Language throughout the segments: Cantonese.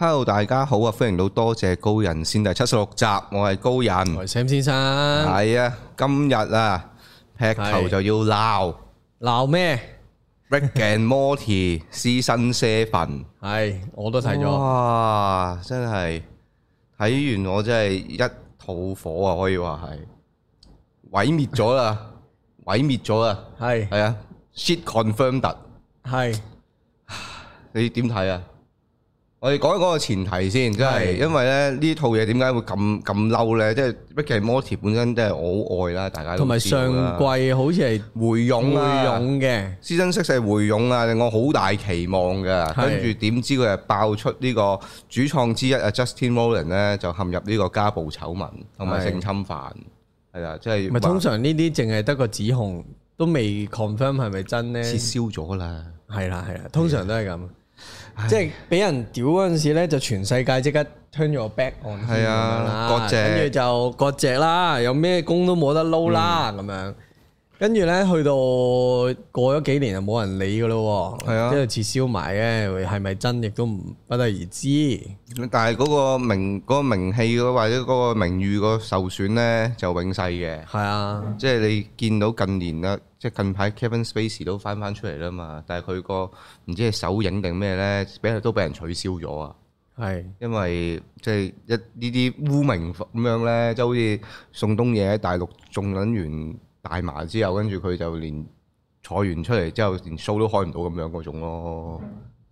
hello，大家好啊！歡迎到多謝高人先第七十六集，我係高人，係 Sam 先生，係啊，今日啊，劈頭就要鬧，鬧咩？Rick and Morty season seven，係，我都睇咗，哇，真係睇完我真係一肚火啊，可以話係毀滅咗啦，毀滅咗啦，係，係啊，shit confirmed，係，你點睇啊？我哋講一講個前提先，即係因為咧呢套嘢點解會咁咁嬲咧？即係《Rick & Morty》本身即係我好愛啦，大家都知啦。同埋上季好似係回勇啊，回勇嘅 Season 6回勇啊，令我好大期望嘅。跟住點知佢係爆出呢個主創之一啊 Justin Roiland 咧就陷入呢個家暴醜聞同埋性侵犯，係啊是，即係。通常呢啲淨係得個指控，都未 confirm 係咪真咧？撤銷咗啦，係啦係啦，通常都係咁。即係畀人屌嗰陣時咧，就全世界即刻 turn 咗我 back on。係啊，割席，跟住就割席啦，有咩工都冇得撈啦咁、嗯、樣。跟住咧，去到過咗幾年就冇人理噶咯，啊、即係撤銷埋嘅，係咪真亦都唔不得而知。但係嗰個名、嗰、嗰個、名氣，或者嗰個名譽個受損咧，就永世嘅。係啊，即係你見到近年啊，即係近排 Kevin Spacey 都翻翻出嚟啦嘛，但係佢個唔知係首映定咩咧，俾都俾人取消咗啊。係是，因為即係一呢啲污名咁樣咧，即係好似宋冬野喺大陸仲忍完。大麻之後，跟住佢就連坐完出嚟之後，連 show 都開唔到咁樣嗰種咯，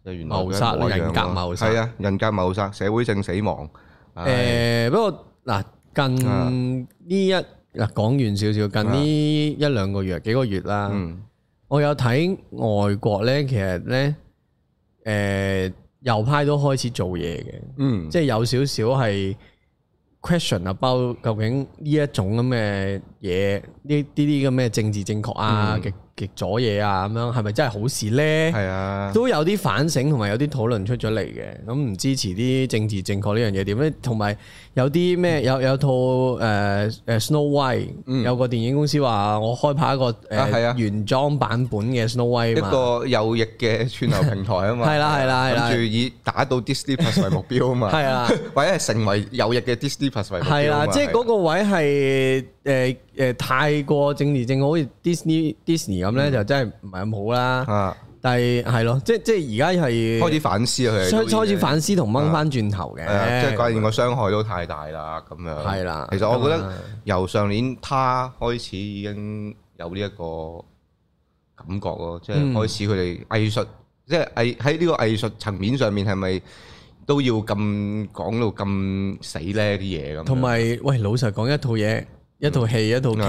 即係原謀殺咯，人格謀殺。係啊，人格謀殺、社會性死亡。誒，不過嗱，近呢一嗱講、啊、完少少，近呢一兩個月、啊、幾個月啦，嗯、我有睇外國咧，其實咧，誒、呃、右派都開始做嘢嘅，嗯，即係有少少係。question 啊，包括究竟呢一種咁嘅嘢，呢啲啲咁嘅政治正確啊、嗯極咗嘢啊，咁樣係咪真係好事咧？係啊，都有啲反省同埋有啲討論出咗嚟嘅。咁唔支持啲政治正確呢樣嘢點咧？同埋有啲咩？有你有套誒誒、嗯、Snow White，有個電影公司話我開拍一個誒原裝版本嘅 Snow White，一個右翼嘅串流平台嘛啊嘛。係啦係啦係啦，諗住以打到 Disney Plus 為目標嘛啊嘛。係啊，或者係成為右翼嘅 Disney Plus。係啦，即係嗰個位係。誒誒，太過政治正確，好似 Dis Disney Disney 咁咧，嗯、就真係唔係咁好啦。啊、但係係咯，即係即係而家係開始反思佢，開開始反思同掹翻轉頭嘅、啊。即係發現個傷害都太大啦，咁樣係啦。的其實我覺得由上年他開始已經有呢一個感覺咯，即係開始佢哋藝術即係藝喺呢個藝術層面上面係咪都要咁講到咁死咧啲嘢咁？同埋、嗯，喂，老實講一套嘢。一套戲一套劇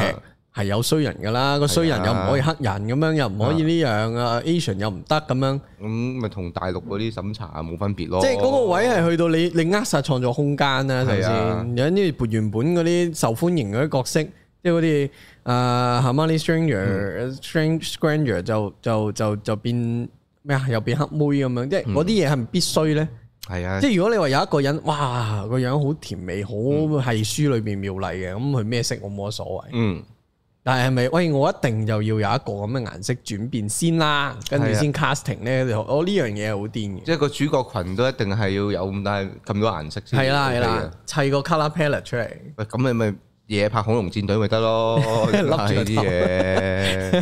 係有衰人噶啦，個衰人又唔可以黑人咁樣，又唔可以呢樣啊，Asian 又唔得咁樣。咁咪同大陸嗰啲審查冇分別咯。即係嗰個位係去到你你扼殺創作空間啦，係咪先？有啲原本嗰啲受歡迎嗰啲角色，即係嗰啲啊，Hermione stranger strange stranger 就就就就變咩啊？又變黑妹咁樣，即係嗰啲嘢係咪必須咧。係啊，即係如果你話有一個人，哇，個樣好甜美，好係書裏邊妙麗嘅，咁佢咩色我冇乜所謂。嗯，嗯但係係咪？喂，我一定就要有一個咁嘅顏色轉變先啦，跟住先 casting 咧。我呢樣嘢好癲嘅。即係個主角群都一定係要有咁大咁多顏色。先、嗯。係啦係啦，砌、啊啊、個 color palette 出嚟。喂、嗯，咁咪咪。嘢拍《恐龍戰隊》咪得咯，笠住啲嘢。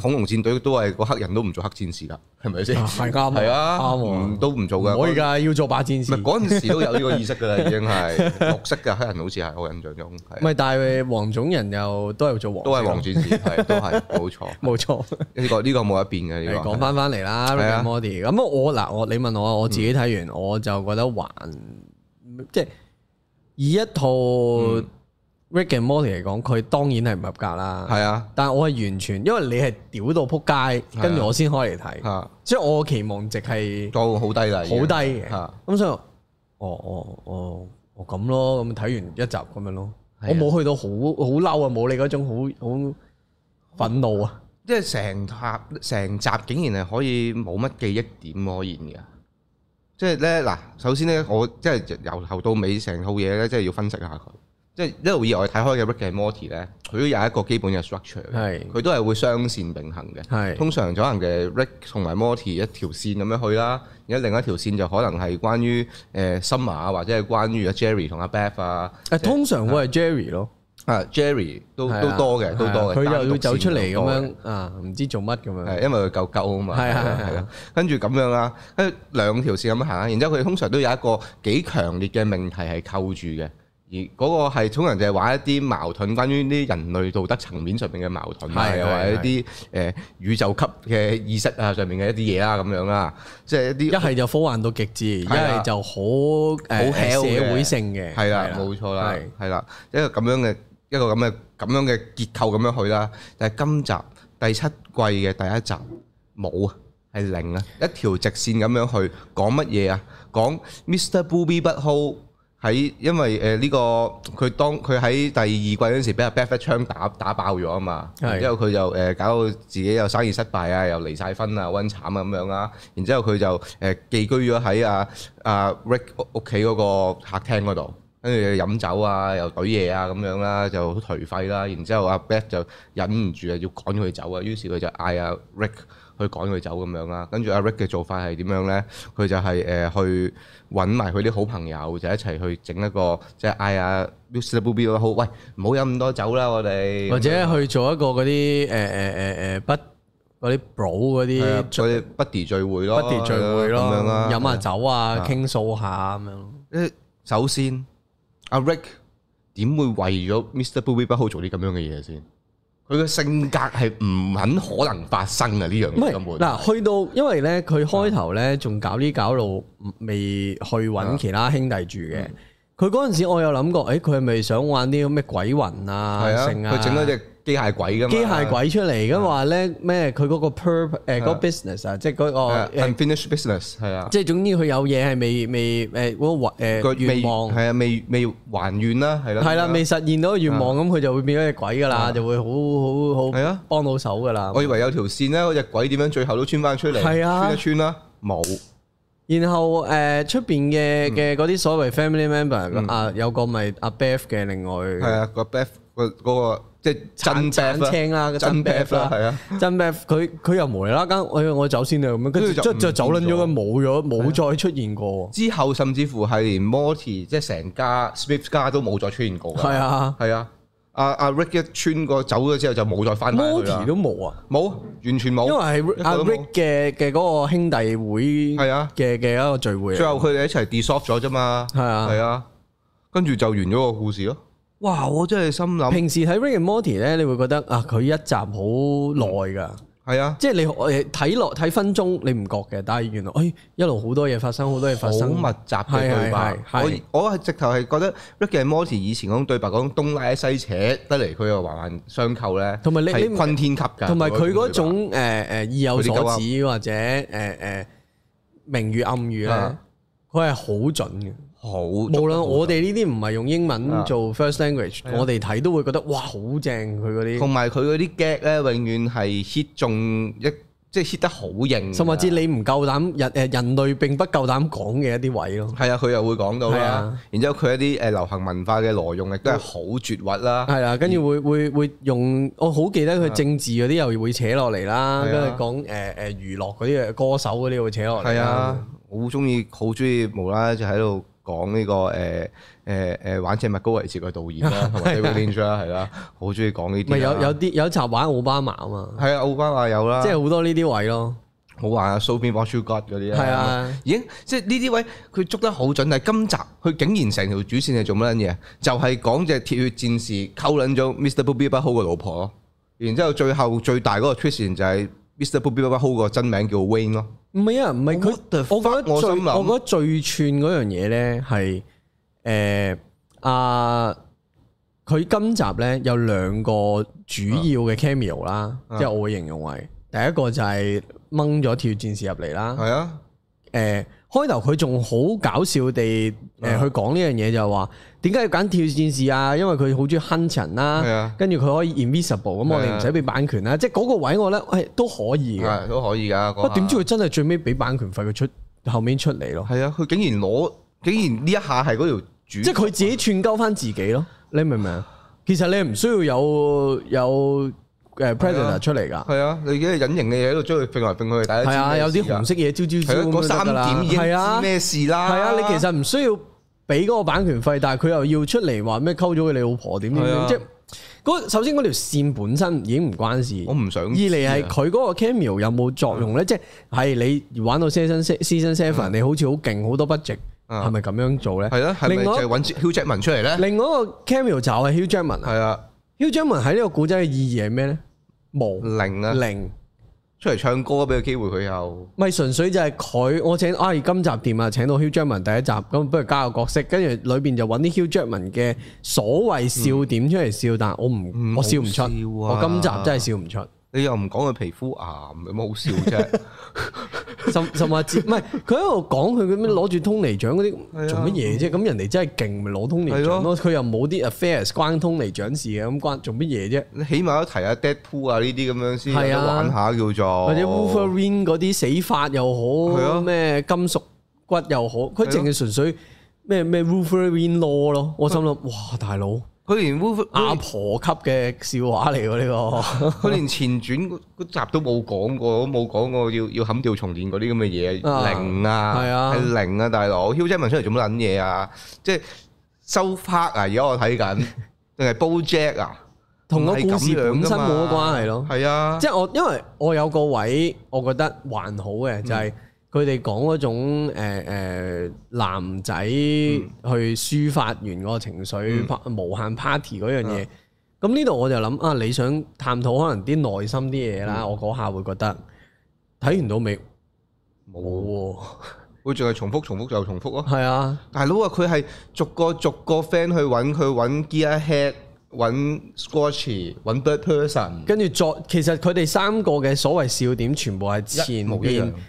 恐龍戰隊都係個黑人都唔做黑戰士啦，係咪先？係啊，啱喎，都唔做噶。我而家要做白戰士。唔係嗰時都有呢個意識噶啦，已經係綠色嘅黑人，好似係我印象中。唔咪但係黃種人又都係做黃都係黃戰士，係都係冇錯，冇錯。呢個呢個冇得變嘅呢講翻翻嚟啦，咁我嗱我，你問我我自己睇完我就覺得還即係以一套。Rick and Morty 嚟講，佢當然係唔合格啦。係啊，但係我係完全，因為你係屌到扑街，跟住、啊、我先開嚟睇。吓、啊，所以我期望值係都好低啦，好、啊、低嘅。吓咁、啊、所以我，哦哦哦，咁、哦、咯，咁睇完一集咁樣咯。啊、我冇去到好好嬲啊，冇你嗰種好好憤怒啊。即係成集，成集竟然係可以冇乜記憶點可言嘅。即係咧嗱，首先咧，我即係由頭到尾成套嘢咧，即係要分析下佢。即係一路以嚟睇開嘅 Rick 嘅 Morty 咧，佢都有一個基本嘅 structure。係，佢都係會雙線並行嘅。係，通常可能嘅 Rick 同埋 Morty 一條線咁樣去啦，而家另一條線就可能係關於誒 Summer 啊，或者係關於阿 Jerry 同阿 Beth 啊。誒，通常會係 Jerry 咯。啊，Jerry 都都多嘅，都多嘅。佢又要走出嚟咁樣啊，唔知做乜咁樣。因為佢夠鳩啊嘛。係啊係啊。跟住咁樣啦，跟住兩條線咁行啊，然之後佢通常都有一個幾強烈嘅命題係扣住嘅。而嗰個係通常就係話一啲矛盾，關於啲人類道德層面上面嘅矛盾啊，或者一啲誒宇宙級嘅意識啊上面嘅一啲嘢啦咁樣啦，即係一啲一係就科幻到極致，一係就好誒社會性嘅，係啦，冇錯啦，係啦，一個咁樣嘅一個咁嘅咁樣嘅結構咁樣去啦。但係今集第七季嘅第一集冇啊，係零啊，一條直線咁樣去講乜嘢啊？講 Mr. Poopybutthole。喺，因為誒、這、呢個佢當佢喺第二季嗰陣時，俾阿 Beth 一槍打打爆咗啊嘛，之的後佢就誒搞到自己又生意失敗離、呃、啊，又離晒婚啊，温慘啊咁樣啦。然之後佢就誒寄居咗喺阿阿 Rick 屋屋企嗰個客廳嗰度，跟住飲酒啊，又懟嘢啊咁樣啦，就好頹廢啦。然之後阿 Beth 就忍唔住趕就啊，要趕佢走啊。於是佢就嗌阿 Rick。去趕佢走咁樣啦，跟住阿 Rick 嘅做法係點樣咧？佢就係誒去揾埋佢啲好朋友，就一齊去整一個，即係嗌阿 Mr.Bobby 都好，喂，唔好飲咁多酒啦，我哋或者去做一個嗰啲誒誒誒誒不嗰啲補嗰啲 buddy 聚會咯 buddy 聚會咯，飲下酒啊，傾訴下咁樣。誒，首先阿 Rick 點會為咗 Mr.Bobby 不好做啲咁樣嘅嘢先？佢嘅性格係唔肯可能發生嘅呢樣嘢咁樣。嗱是，去到因為咧，佢開頭咧仲搞呢搞路，未的去揾其他兄弟住嘅。佢嗰陣時，我有諗過，誒、欸，佢係咪想玩啲咩鬼魂啊？係啊的，佢整咗隻。機械鬼噶嘛？機械鬼出嚟咁話咧咩？佢嗰個 pur 誒嗰 business 啊，即係嗰個 unfinished business 係啊。即係總之佢有嘢係未未誒，個誒個願望係啊，未未還願啦，係咯。係啦，未實現到個願望咁，佢就會變咗隻鬼噶啦，就會好好好係啊，幫到手噶啦。我以為有條線咧，嗰隻鬼點樣最後都穿翻出嚟。係啊，穿一穿啦，冇。然後誒，出邊嘅嘅嗰啲所謂 family member 啊，有個咪阿 Beth 嘅，另外係啊個 Beth 嗰個。即係真 pair 啦，真 pair 啦，係啊，真 pair 佢佢又無厘啦，咁我我走先啊，咁樣跟住就就走甩咗佢，冇咗，冇再出現過。之後甚至乎係連 Morty 即係成家 Swift 家都冇再出現過。係啊，係啊，阿阿 Rick 一穿過走咗之後就冇再翻嚟，Morty 都冇啊，冇完全冇，因為係阿 Rick 嘅嘅嗰個兄弟會係啊嘅嘅一個聚會，最後佢哋一齊 dissolve 咗啫嘛，係啊係啊，跟住就完咗個故事咯。哇！我真係心諗，平時睇《Rick and Morty》咧，你會覺得啊，佢一集好耐噶，係、嗯、啊，即係你誒睇落睇分鐘，你唔覺嘅，但係原來，哎，一路好多嘢發生，好多嘢發生，好密集嘅對白。啊啊啊、我我係直頭係覺得《Rick and Morty》以前嗰種對白，講東拉西扯得嚟，佢又環環相扣咧。同埋你你昆天級嘅，同埋佢嗰種誒誒、呃呃、意有所指或者誒誒明語暗語咧，佢係好準嘅。好冇啦！無論我哋呢啲唔係用英文做 first language，、啊、我哋睇都會覺得哇，好正佢嗰啲，同埋佢嗰啲 gag 咧，永遠係 hit 中一，即、就、係、是、hit 得好型，甚至你唔夠膽人誒人類並不夠膽講嘅一啲位咯。係啊，佢又會講到啊。啊然之後佢一啲誒流行文化嘅挪用亦都係好絕核啦。係啊，跟住、啊、會會會用我好記得佢政治嗰啲又會扯落嚟啦，跟住講誒誒娛樂嗰啲嘅歌手嗰啲會扯落嚟啊。好中意好中意無啦啦就喺度。講呢、這個誒誒誒玩《謝物高維持》嘅導演 David Lynch, 啦，或者 Willian 啦，係啦，好中意講呢啲。咪有有啲有集玩奧巴馬啊嘛，係啊，奧巴馬有啦，即係好多呢啲位咯。好玩啊。Show me what you got》嗰啲咧，係啊，已經即係呢啲位佢捉得好準，但係今集佢竟然成條主線係做乜嘢？就係講隻鐵血戰士溝撚咗 Mr. Poopybutthole 嘅老婆咯。然之後最後最大嗰個出線就係 Mr. Poopybutthole 嘅真名叫 Wayne 咯。唔係啊，唔係佢，我覺得我覺得最串嗰樣嘢咧係，誒心、呃、啊！佢今集咧有兩個主要嘅 cameo 啦、啊，即係我會形容為第一個就係掹咗條戰士入嚟啦，係啊，誒、呃、開頭佢仲好搞笑地誒去講呢樣嘢就係話。點解要揀挑戰士啊？因為佢好中意 hidden 啦，跟住佢可以 invisible，咁我哋唔使俾版權啦。即係嗰個位，我咧係都可以嘅，都可以噶。不過點知佢真係最尾俾版權費，佢出後面出嚟咯。係啊，佢竟然攞，竟然呢一下係嗰條主，即係佢自己串鳩翻自己咯。你明唔明啊？其實你唔需要有有誒 presenter 出嚟噶。係啊，你啲隱形嘅嘢喺度追佢，掟嚟，掟去，係啊，有啲紅色嘢，招招招咁樣得啦。係啊，咩事啦？係啊，你其實唔需要。俾嗰個版權費，但係佢又要出嚟話咩溝咗佢你老婆點點點，的即係嗰首先嗰條線本身已經唔關事，我唔想。二嚟係佢嗰個 cameo 有冇作用咧？嗯、即係係你玩到 season season seven，嗯、你好似好勁好多 budget，係咪咁樣做咧？係啊，係咪就揾 Hugh Jackman 出嚟咧？另外一個 cameo 就係 Hugh Jackman 啊？係啊，Hugh Jackman 喺呢個古仔嘅意義係咩咧？冇零啊零。出嚟唱歌啊！俾個機會佢，又唔係純粹就係佢，我請哎今集掂啊，請到 Hugh Jackman 第一集，咁不如加個角色，跟住裏面就揾啲 Hugh Jackman 嘅所謂笑點出嚟笑，嗯、但我唔、嗯、我笑唔出， 啊、我今集真係笑唔出。你又唔講佢皮膚啊，有冇好笑啫，什就、啊、關關什話接唔係佢喺度講佢咁樣攞住通尼獎嗰啲做乜嘢啫？咁人哋真係勁，咪攞通尼獎咯？佢又冇啲 affairs 關通尼獎事嘅，咁關做乜嘢啫？你起碼都提下 Deadpool 啊呢啲咁樣先啊，玩下叫做，或者、啊、Wolverine 嗰啲死法又好咩金屬骨又好，佢淨係純粹咩咩 Wolverine law 咯。我心諗 哇大佬。佢連烏阿婆級嘅笑話嚟喎，呢個佢連前傳嗰集都冇講過，都冇講過要要冚掉重練嗰啲咁嘅嘢零啊，係啊，係零啊，大佬，肖姐問出嚟做乜撚嘢啊？即係收 part 啊，而家我睇緊定係煲 Jack 啊，同個故事本身冇乜關係咯。係啊，啊即係我因為我有個位，我覺得還好嘅就係、是。嗯佢哋講嗰種誒、呃呃、男仔去抒發完個情緒，嗯、無限 party 嗰樣嘢，咁呢度我就諗啊，你想探討可能啲內心啲嘢啦，嗯、我嗰下會覺得睇完到未？冇喎、啊，會仲係重複重複就重複咯。係啊，大佬啊，佢係逐個逐個 friend 去揾去揾 Gearhead。揾 Squanchy 揾 Bird Person，跟住作，其實佢哋三個嘅所謂笑點，全部係之前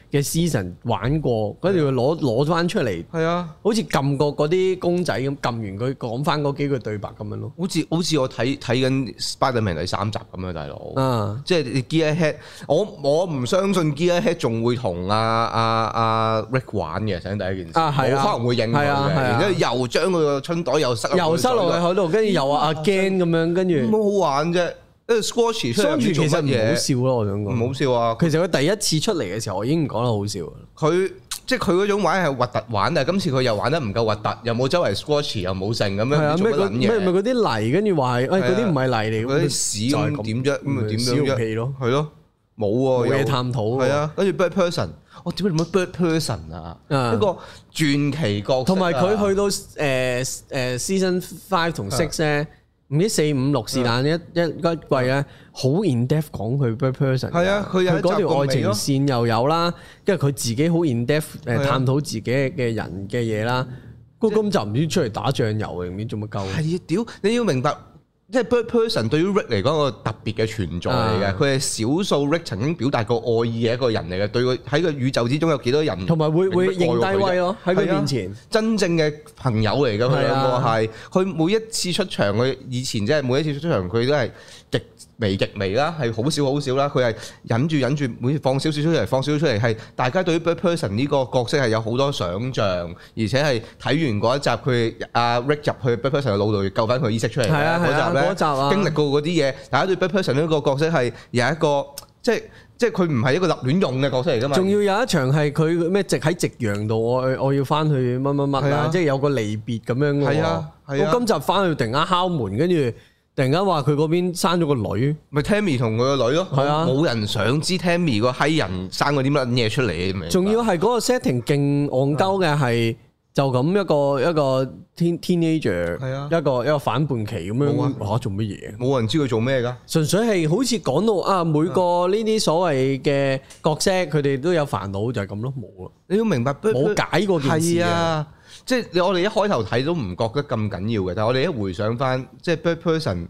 嘅 season 玩過，跟住佢攞攞翻出嚟，係啊，好似撳過嗰啲公仔咁撳完佢講翻嗰幾句對白咁樣咯，好似好似我睇睇緊 Spiderman 第三集咁樣，大佬，即係 Gearhead，我我唔相信 Gearhead 仲會同阿阿阿 Rick 玩嘅，首先第一件事，啊可能會應，係啊跟住又將佢個春袋又塞，又塞落去喺度，跟住又話阿咁樣跟住冇好玩啫，跟住 Squanchy 出嚟，其實唔好笑咯。我想講唔好笑啊！其實佢第一次出嚟嘅時候，我已經講得好笑。佢即係佢嗰種玩係核突玩啊！今次佢又玩得唔夠核突，又冇周圍 squash，又冇剩咁樣做緊嘢。咩？咪嗰啲泥跟住話係誒？嗰啲唔係泥嚟，嗰啲屎咁點啫？咁啊點啫？小氣咯，係咯，冇啊，咩探討？係啊，跟住 Bird Person，我點解咁 Bird Person 啊？一個傳奇角色，同埋佢去到誒誒 Season five 同 six 咧。唔知四五六是但一一一季咧，好 in depth 講佢 person 係啊，佢又講條愛情線又有啦，跟住佢自己好 in depth 誒探討自己嘅人嘅嘢啦。咁就唔知出嚟打醬油定點做乜鳩？係啊，屌你要明白。即係 Bird Person 對於 Rick 嚟講個特別嘅存在嚟嘅，佢係、啊、少數 Rick 曾經表達過愛意嘅一個人嚟嘅，對佢喺個宇宙之中有幾多人，同埋會會認低位咯，喺佢面前、啊、真正嘅朋友嚟嘅。佢兩個係佢每一次出場，佢以前即係每一次出場佢都係。極微極微啦，係好少好少啦。佢係忍住忍住，每次放少少出嚟，放少少出嚟。係大家對於《Bird Person》呢個角色係有好多想像，而且係睇完嗰一集，佢阿 Rick 入去 Bird Person 嘅腦度救翻佢意識出嚟嘅嗰集咧。經歷過嗰啲嘢，大家對 Bird Person 呢個角色係有一個即即佢唔係一個立亂用嘅角色嚟㗎嘛。仲要有一場係佢咩？直喺夕陽度，我我要翻去乜乜乜，即係有個離別咁樣。係啊，我今集翻去突然間敲門，跟住。突然間話佢嗰邊生咗個女，咪 Tammy 同佢個女咯，係啊，冇人想知 Tammy 個閪人生過啲乜嘢出嚟，咪仲要係嗰個 setting 勁戇鳩嘅係。就咁一個一個 teen teenager，一個一個反叛期咁樣嚇做乜嘢？冇、啊、人知佢做咩噶，純粹係好似講到啊，每個呢啲所謂嘅角色，佢哋都有煩惱，就係咁咯，冇啦。你都明白，冇解過件事嘅，即係、啊就是、我哋一開頭睇都唔覺得咁緊要嘅，但係我哋一回想翻，即、就、係、是、Birdperson，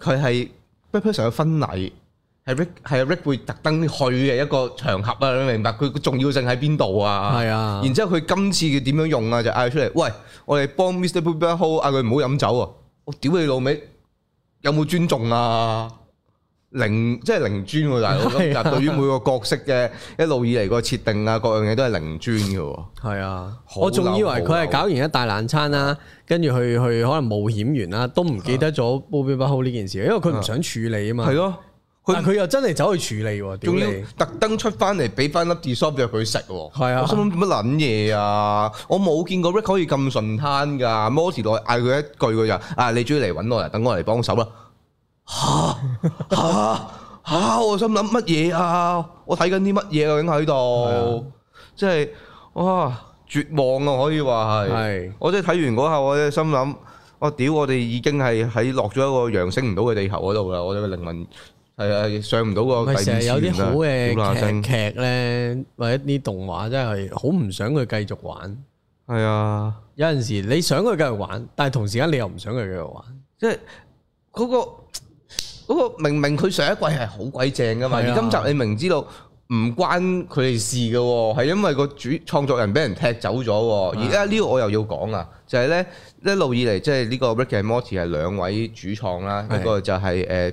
佢係 Birdperson 嘅婚禮。係 Rick 係 Rick 會特登去嘅一個場合啊，你明白佢個重要性喺邊度啊？係是啊，然之後佢今次佢點樣用啊？就嗌出嚟，喂，我哋幫 Mr. Poopybutthole 嗌佢唔好飲酒啊！我屌你老味，有冇尊重啊？零即係零尊、啊、大佬，但是、啊、對於每個角色嘅一路以嚟個設定啊，各樣嘢都係零尊嘅。係啊，是啊流我仲以為佢係搞完一大爛餐啦、啊，跟住去去可能冒險完啦，都唔記得咗 Poopybutthole 呢件事，因為佢唔想處理啊嘛。係咯、啊。佢佢，啊、又真係走去處理喎，仲要特登出翻嚟俾翻粒 d e s、啊、s e、啊、r 佢食喎。啊，我，我， 我心諗乜撚嘢啊？我冇見過 Rick 可以咁順攤㗎。摩士來嗌佢一句，佢就啊，你終於嚟揾我啦，等我嚟幫手啦。嚇嚇嚇！我心諗乜嘢啊？我睇緊啲乜嘢啊？已經喺度，即係哇絕望啊！可以話係。係是。我真係睇完嗰下，我咧心諗，我屌我哋已經係喺落咗一個揚升唔到嘅地球嗰度啦，我哋嘅靈魂。係啊，上唔到個第二季，咪成日有啲好嘅劇呢，或者啲動畫真係好唔想佢繼續玩。係啊，有陣時你想佢繼續玩，但係同時間你又唔想佢繼續玩，即係嗰個個明明佢上一季係好鬼正噶嘛，而今集你明知道唔關佢哋事噶，係因為個主創作人俾人踢走咗。而家呢個我又要講啊，就係呢一路以嚟即係呢個 Rick and Morty 係兩位主創啦，一個就係誒。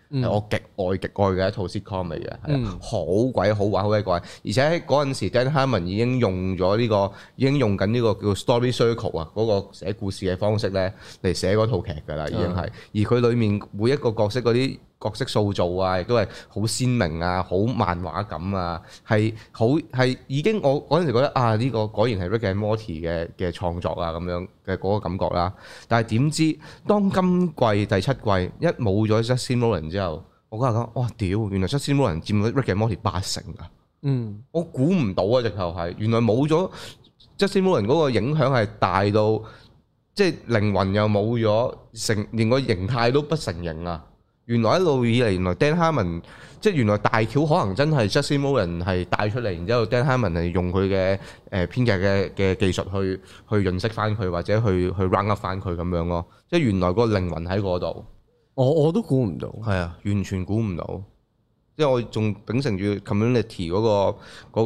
係我極愛極愛嘅一套 sitcom 嚟嘅，係、嗯、好鬼好玩，好鬼怪。而且嗰陣時，Dan Harmon 已經用咗呢個，已經用緊呢個叫 story circle 啊，嗰個寫故事嘅方式咧嚟寫嗰套劇㗎啦，已經係。而佢裡面每一個角色嗰啲角色塑造啊，亦都係好鮮明啊，好漫畫感啊，係好係已經我嗰陣時覺得啊，呢個果然係 Rick and Morty 嘅嘅創作啊咁樣。嘅嗰個感覺啦，但係點知當今季第七季一冇咗 Justin Roiland 之後，我嗰日講哇屌、啊，原來 Justin Roiland 佔咗 Rick and Morty 八成啊！嗯，我估唔到啊！直頭係原來冇咗 Justin Roiland 嗰個影響係大到即係、就是、靈魂又冇咗，成連個形態都不成形啊！原來一路以嚟，原來 Dan Harmon 即係原來大橋可能真係 Justin Roiland 係帶出嚟，然之後 Dan Harmon 係用佢嘅誒編劇嘅嘅技術去去，去認識翻佢，或者去去 round up 翻佢咁樣咯。即係原來嗰個靈魂喺嗰度，我我都估唔到，係啊，完全估唔到。即係我仲秉承住 community、那個嗰、那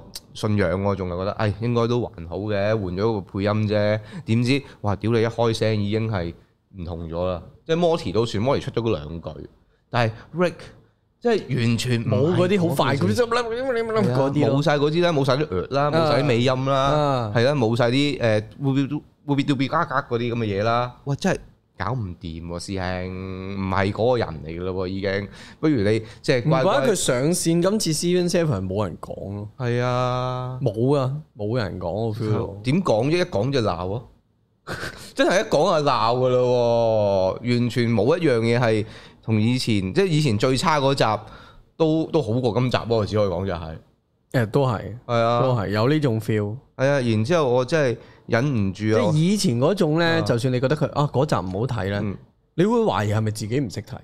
個信仰，我仲係覺得誒、哎、應該都還好嘅，換咗個配音啫。點知哇屌你一開聲已經係～唔同咗啦，即係 Morty 都算，Morty 出咗嗰兩句，但係 Rick 即係完全冇嗰啲好快嗰啲，冇晒嗰啲啦，冇晒啲啦，冇曬啲尾音啦，係啦，冇晒啲誒，Will do 嗰啲咁嘅嘢啦，哇，真係搞唔掂喎，師兄唔係嗰個人嚟㗎咯，已經，不如你即係唔怪得佢上線，今次 Seven Seven 冇人講咯，係啊，冇啊，冇人講啊，點講啫，一講就鬧啊！真係一講就鬧噶咯，完全冇一樣嘢係同以前，即係以前最差嗰集都都好過今集咯，只可以講就係誒，都係係啊，都係有呢種 feel，係啊，然之後我真係忍唔住咯。即係以前嗰種咧，就算你覺得佢啊嗰集唔好睇咧，你會懷疑係咪自己唔識睇，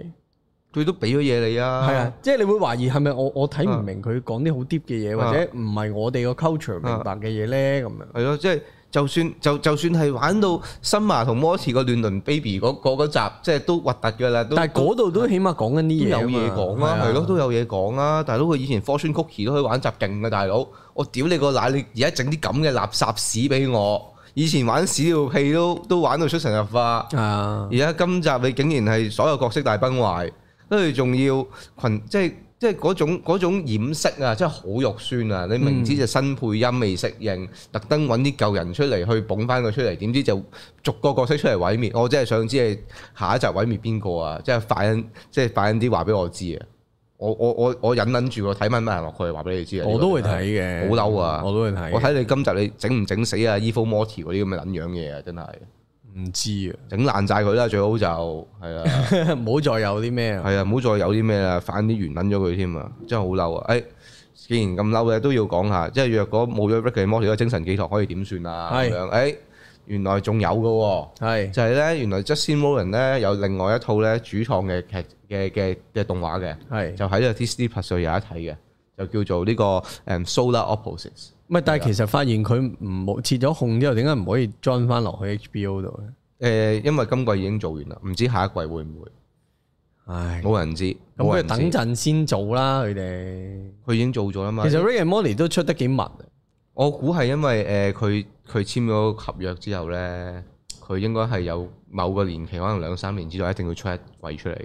佢都俾咗嘢你啊，係啊，即係你會懷疑係咪我我睇唔明佢講啲好 deep 嘅嘢，或者唔係我哋個 culture 明白嘅嘢咧咁樣，係咯，即係。就算就就算係玩到森娃同摩士個亂倫 baby 嗰集，即係都核突噶啦！但係嗰度都起碼講緊啲有嘢講啦，係咯，都有嘢講啦。大佬佢以前 Fortune Cookie 都可以玩集勁噶，大佬，我屌你個奶！你而家整啲咁嘅垃圾屎俾我，以前玩屎尿屁都都玩到出神入化，而家的今集你竟然係所有角色大崩壞，跟住仲要群即係。即係嗰種嗰種掩飾啊，真係好肉酸啊！你明知就新配音未適應，特登揾啲舊人出嚟去捧翻佢出嚟，點知就逐個角色出嚟毀滅。我真係想知你下一集毀滅邊個啊！即係快映，即係快啲話俾我知啊！我我我忍忍住，我睇乜咩係咪佢話俾你知啊？我都會睇嘅，好嬲啊！我都、這個、會睇。我睇你今集你整唔整死啊 Evil Morty 嗰啲咁嘅撚樣嘢啊！真係～唔知啊，整爛晒佢啦，最好就係、是、啊，唔好 再有啲咩，係 啊，唔好再有啲咩啦，反啲原諒咗佢添啊，真係好嬲啊！誒、哎，既然咁嬲嘅，都要講下，即係若果冇咗《Rick and Morty》嘅精神寄託可以點算啊？係是，誒、哎，原來仲有嘅喎，是就係咧，原來 Justin Roiland 呢咧有另外一套咧主創嘅劇嘅嘅嘅動畫嘅，係是，就喺呢個 Disney Plus 上有一睇嘅，就叫做呢個誒《Solar Opposites》。但係其實發現佢唔冇撤咗控之後，點解唔可以 join 翻落去 HBO 度咧？誒，因為今季已經做完啦，唔知下一季會唔會？唉，冇人知。咁不如等陣先做啦，佢哋。佢已經做咗啦嘛。其實 Rick and Morty 都出得幾密。我估係因為誒，佢佢簽咗合約之後呢，佢應該係有某個年期，可能兩三年之內一定要出一季出嚟。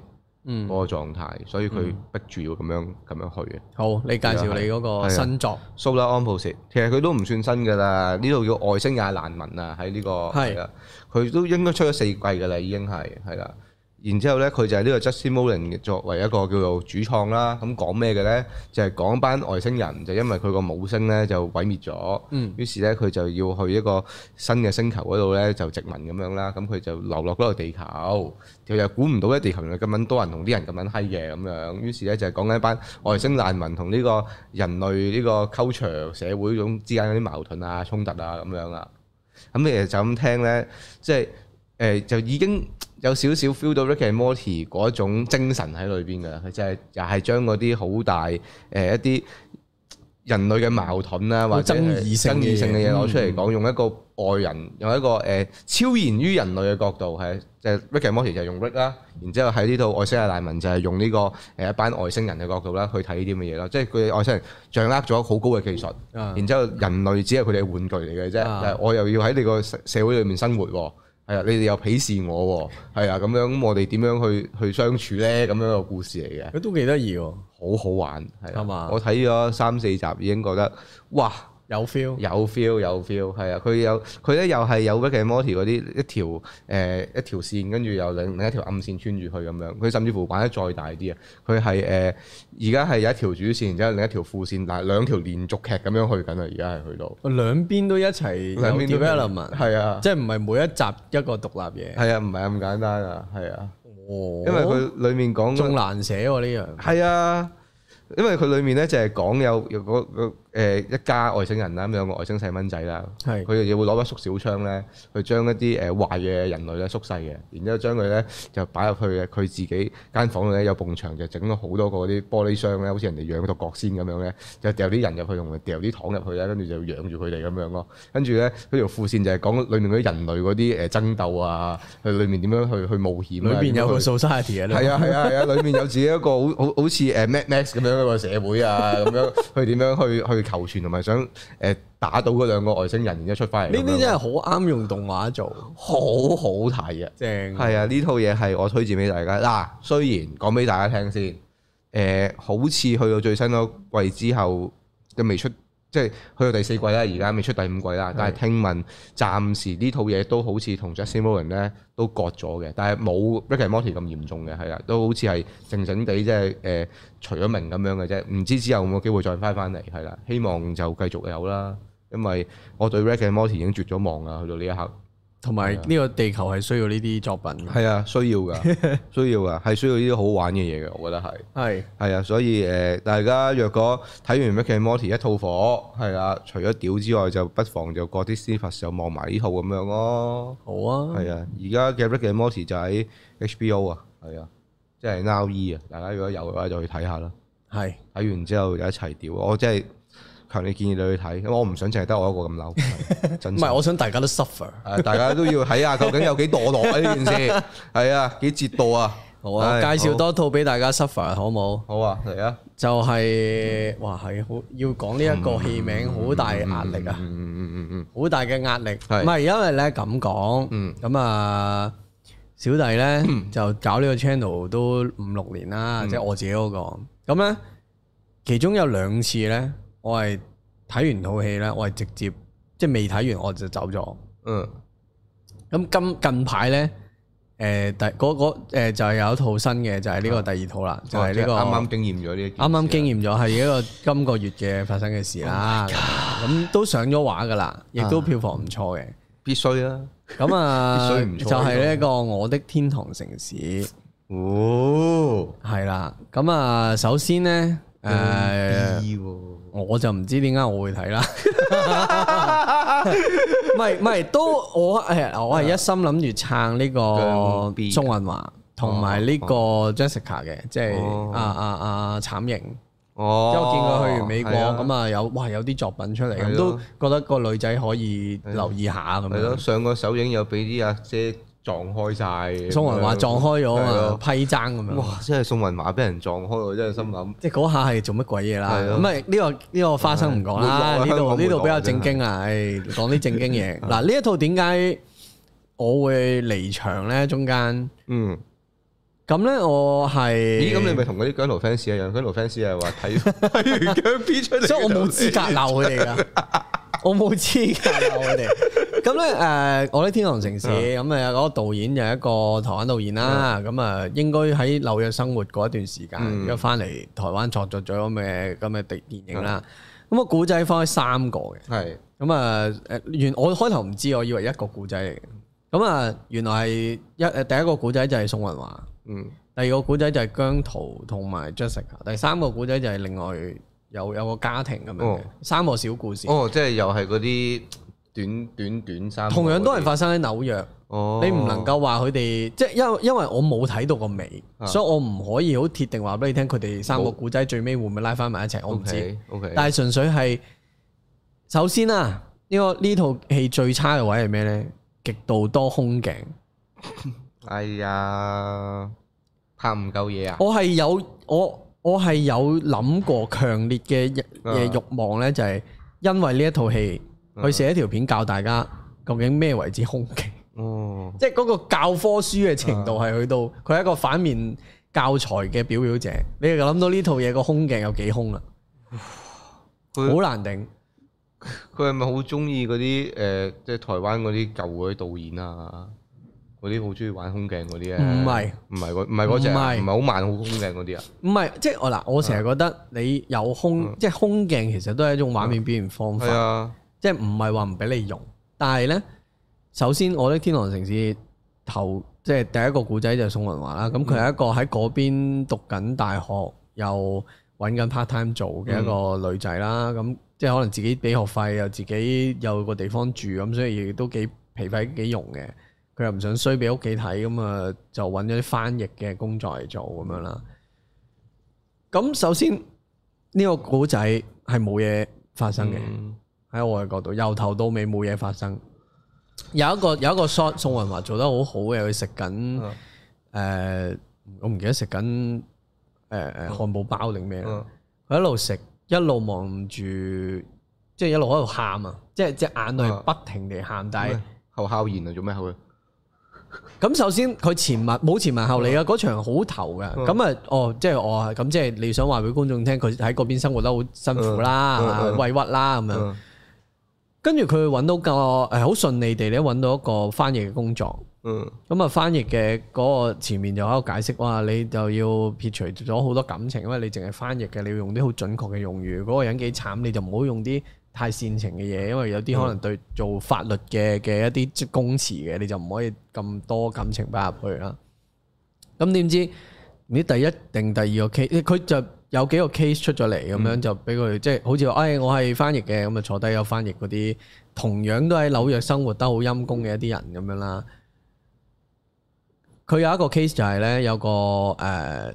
嗯，嗰個狀態，所以佢逼住要咁樣咁、嗯、樣去嘅。好，你介紹你嗰個新作《Solar Opposites》，其實佢都唔算新㗎啦。呢度叫外星也難民啊，喺呢、呢個係啦，佢的都應該出咗四季㗎啦，已經係係啦。然之後咧，佢就係呢個 Justin Roiland 作為一個叫做主創啦。咁講咩嘅呢？就係講班外星人，就是、因為佢個母星呢就毀滅咗，於、嗯、是呢，佢就要去一個新嘅星球嗰度呢，就殖民咁樣啦。咁佢就流落嗰個地球，佢又估唔到咧地球原來咁樣多人同啲人咁撚閪嘅咁樣。於是呢，就係講緊一班外星難民同呢個人類呢個溝長社會種之間嗰啲矛盾啊、衝突啊咁樣啊。咁你就咁聽呢，即係誒就已經。有少少 feel 到 Rick and Morty 嗰種精神喺裏邊嘅，就係又係將嗰啲好大誒、呃、一啲人類嘅矛盾啦，或者爭議性嘅嘢攞出嚟講，嗯、用一個外人用一個誒、呃、超然於人類嘅角度，係即係 Rick and Morty 就係、是、Mort 用 Rick 啦，然之後喺呢度，外星人大民就係用呢、這個誒、呃、一班外星人嘅角度啦，去睇呢啲咁嘅嘢咯。即係佢哋外星人掌握咗好高嘅技術，嗯、然之後人類只係佢哋嘅玩具嚟嘅啫。嗯嗯、我又要喺你個社會裏面生活喎。係啊，你哋又鄙視我喎，係啊，咁樣我哋點樣去去相處咧？咁樣個故事嚟嘅，都幾得意喎，好好玩，係啊，吧我睇咗三四集已經覺得，哇！有 feel，有 feel，有 feel，係啊！佢有佢咧，又係有 Rick and Morty 嗰啲一條誒、呃、一條線，跟住又另另一條暗線穿住佢咁樣。佢甚至乎玩得再大啲啊！佢係誒而家係有一條主線，然之後另一條副線，但係兩條連續劇咁樣去緊啊！而家係去到兩邊都一齊，兩邊嘅 balance，係啊，即係唔係每一集一個獨立嘢？係啊，唔係咁簡單啊，係啊，哦，因為佢裡面講仲難寫喎呢樣。係啊，因為佢裡面咧就係講有，有，有，有誒一家外星人啦，咁兩個外星細蚊仔啦，佢哋就會攞把縮小槍咧，去將一啲誒壞嘅人類咧縮細嘅，然之後將佢咧就擺入去嘅佢自己間房度咧有埲牆就整咗好多個啲玻璃箱咧，好似人哋養嗰個角仙咁樣咧，就掉啲人入去同埋掉啲糖入去咧，跟住就養住佢哋咁樣咯。跟住咧嗰條副線就係講裡面嗰啲人類嗰啲誒爭鬥啊，佢裡面點樣去去冒險？裏面有個 society 啊係啊係啊係啊，裏、啊啊啊啊、 面有自己一個好好似誒 Mad Max 咁樣一個社會啊，咁樣,樣去點樣去去。 求全同埋想誒打倒嗰兩個外星人，然之後出翻嚟。呢啲真係好啱用動畫做，好好睇啊！正係的啊！呢套嘢係我推薦俾大家。嗱，雖然講俾大家聽先，誒、呃、好似去到最新嗰季之後都未出。即係去到第四季咧，而家未出第五季啦，但係聽聞暫時呢套嘢都好似同 Justin Roiland 咧都割咗嘅，但係冇 Rick and Morty 咁嚴重嘅，係啦，都好似係靜靜地即係誒除咗名咁樣嘅啫，唔知之後有冇機會再返翻嚟，係啦，希望就繼續有啦，因為我對 Rick and Morty 已經絕咗望啊，去到呢一刻。同埋呢個地球係需要呢啲作品，係啊，需要噶， 需要噶，係需要呢啲好玩嘅嘢嘅，我覺得係，係是，係啊，所以誒、呃，大家若果睇完《Rick & Morty》一套火，係啊，啊除咗屌之外，就不妨就過啲思法上望埋呢套咁樣咯，好啊，係啊，而家嘅《Rick & Morty》就喺 HBO 啊，係啊，即係 Now E 啊，大家如果有嘅話就去睇下啦，係睇是完之後就一齊屌，我真係～強烈建議你去睇，因為我唔想淨係得我一個咁嬲。唔係，我想大家都 suffer，大家都要睇啊！究竟有幾墮落啊？呢件事係啊，幾折墮啊？好啊，介紹多套俾大家 suffer，好冇？好啊，嚟啊！就係，哇，係好要講呢一個戲名，好大嘅壓力啊！嗯嗯嗯嗯嗯，好大嘅壓力。係唔係因為咧咁講？嗯，咁啊，小弟咧就搞呢個 channel 都五六年啦，即係我自己嗰個。咁咧，其中有兩次咧。我係睇完套戲咧，我係直接即係未睇完我就走咗。嗯。咁今近排咧，誒第誒就係有一套新嘅，就係呢個第二套啦，就係呢個啱啱經驗咗呢啲，啱啱經驗咗係一個今個月嘅發生嘅事啦。咁 都上咗畫噶啦，亦都票房唔錯嘅，必須啦。咁啊，必須唔錯。就係呢個《我的天堂城市》。哦，係啦。咁啊，首先咧，誒、呃。我就唔知點解我會睇啦， 唔係唔係都我誒，我係一心諗住撐呢個鍾雲華同埋呢個 Jessica 嘅，即係、哦、啊啊阿、啊、慘形，哦、因為我見佢去完美國咁是啊有，有哇有啲作品出嚟，咁是、啊、都覺得個女仔可以留意下咁樣。咯、啊，上個首映又俾啲啊。姐，姐。撞開晒，宋文華撞開咗啊，批踭咁樣。哇，即係宋文華俾人撞開，我真係心諗。即係嗰下係做乜鬼嘢啦？咁係呢個呢個花生唔講啦，呢度呢度比較正經啊！唉，講啲正經嘢。嗱，呢一套點解我會離場咧？中間，嗯，咁咧我係，咦？咁你咪同嗰啲港台 fans 一樣，港台 fans 係話睇完出嚟，所以我冇資格鬧佢哋噶。我冇知噶、 呃，我哋咁咧，誒，我的天堂城市咁啊，嗰 個導演就係一個台灣導演啦，咁啊的，應該喺紐約生活過一段時間，又翻嚟台灣創作咗咁嘅咁嘅電影啦。咁啊的，古仔放喺三個嘅，係咁啊，原來我開頭唔知，我以為一個古仔嚟嘅，咁啊，原來係一誒，第一個古仔就係宋芸樺，嗯，第二個古仔就係姜濤同埋 Jessica，第三個古仔就係另外。有有個家庭咁樣嘅三個小故事哦，即係又係嗰啲短短短三同樣都係發生喺紐約哦。你唔能夠話佢哋即係因因為我冇睇到個尾，啊、所以我唔可以好鐵定話俾你聽佢哋三個古仔最尾會唔會拉翻埋一齊，哦、我唔知。Okay, okay, 但係純粹係首先啊，呢個呢套戲最差嘅位係咩呢？極度多空鏡， 哎呀拍唔夠嘢啊！我係有我。我我係有諗過強烈嘅嘢，啊、慾望呢就係因為呢、啊、一套戲，佢寫一條片教大家究竟咩為之空鏡，哦、即係嗰個教科書嘅程度係去到，佢係一個反面教材嘅表表者，你又諗到呢套嘢個空鏡有幾兇啦？好、啊、難頂！佢係咪好中意嗰啲誒，即係台灣嗰啲舊嗰啲導演啊？嗰啲好中意玩空鏡嗰啲咧，唔係唔係唔係嗰隻，唔係好慢好， 空鏡嗰啲啊，唔係即係我嗱，我成日覺得你有空即係、嗯、空鏡其實都係一種畫面表現方法，啊、嗯，即係唔係話唔俾你用，但係咧，首先我覺得天堂城市頭即係第一個故仔就係宋文華啦，咁佢係一個喺嗰邊讀緊大學又揾緊 part time 做嘅一個女仔啦，咁即係可能自己俾學費又自己有個地方住咁，所以亦都幾疲憊幾用嘅。佢又唔想衰俾屋企睇，咁啊就揾咗啲翻譯嘅工作嚟做咁樣啦。咁首先呢、這個古仔係冇嘢發生嘅，喺、嗯、我嘅角度，由頭到尾冇嘢發生。有一個有一個 shot 宋雲華做得好好嘅，佢食緊誒，我唔記得食緊誒漢堡包定咩。佢一路食，一路望住，即、就、係、是、一路喺度喊啊！即係即係眼淚不停地喊，低係、啊、是後後言啊，做咩後？咁首先佢前文冇前文後理啊，嗰、嗯、場好頭噶，咁啊、嗯，哦，即、就、係、是、哦，咁即係你想話俾觀眾聽，佢喺嗰邊生活得好辛苦啦，嗯嗯、委屈啦咁樣，跟住佢揾到個誒好順利地咧揾到一個翻譯嘅工作，咁啊、嗯、翻譯嘅嗰個前面就喺度解釋，哇，你就要撇除咗好多感情因為，你淨係翻譯嘅，你要用啲好準確嘅用語，嗰、那個人幾慘，你就唔好用啲。太煽情嘅嘢，因為有啲可能對做法律嘅嘅一啲即供詞嘅，你就唔可以咁多感情擺入去啦。咁點知你第一定第二個 case，佢就有幾個 case 出咗嚟，咁樣就俾佢、嗯、即係好似話，唉、哎，我係翻譯嘅，咁啊坐低有翻譯嗰啲，同樣都喺紐約生活得好陰功嘅一啲人咁樣啦。佢有一個 case 就係、是、咧，有個誒。呃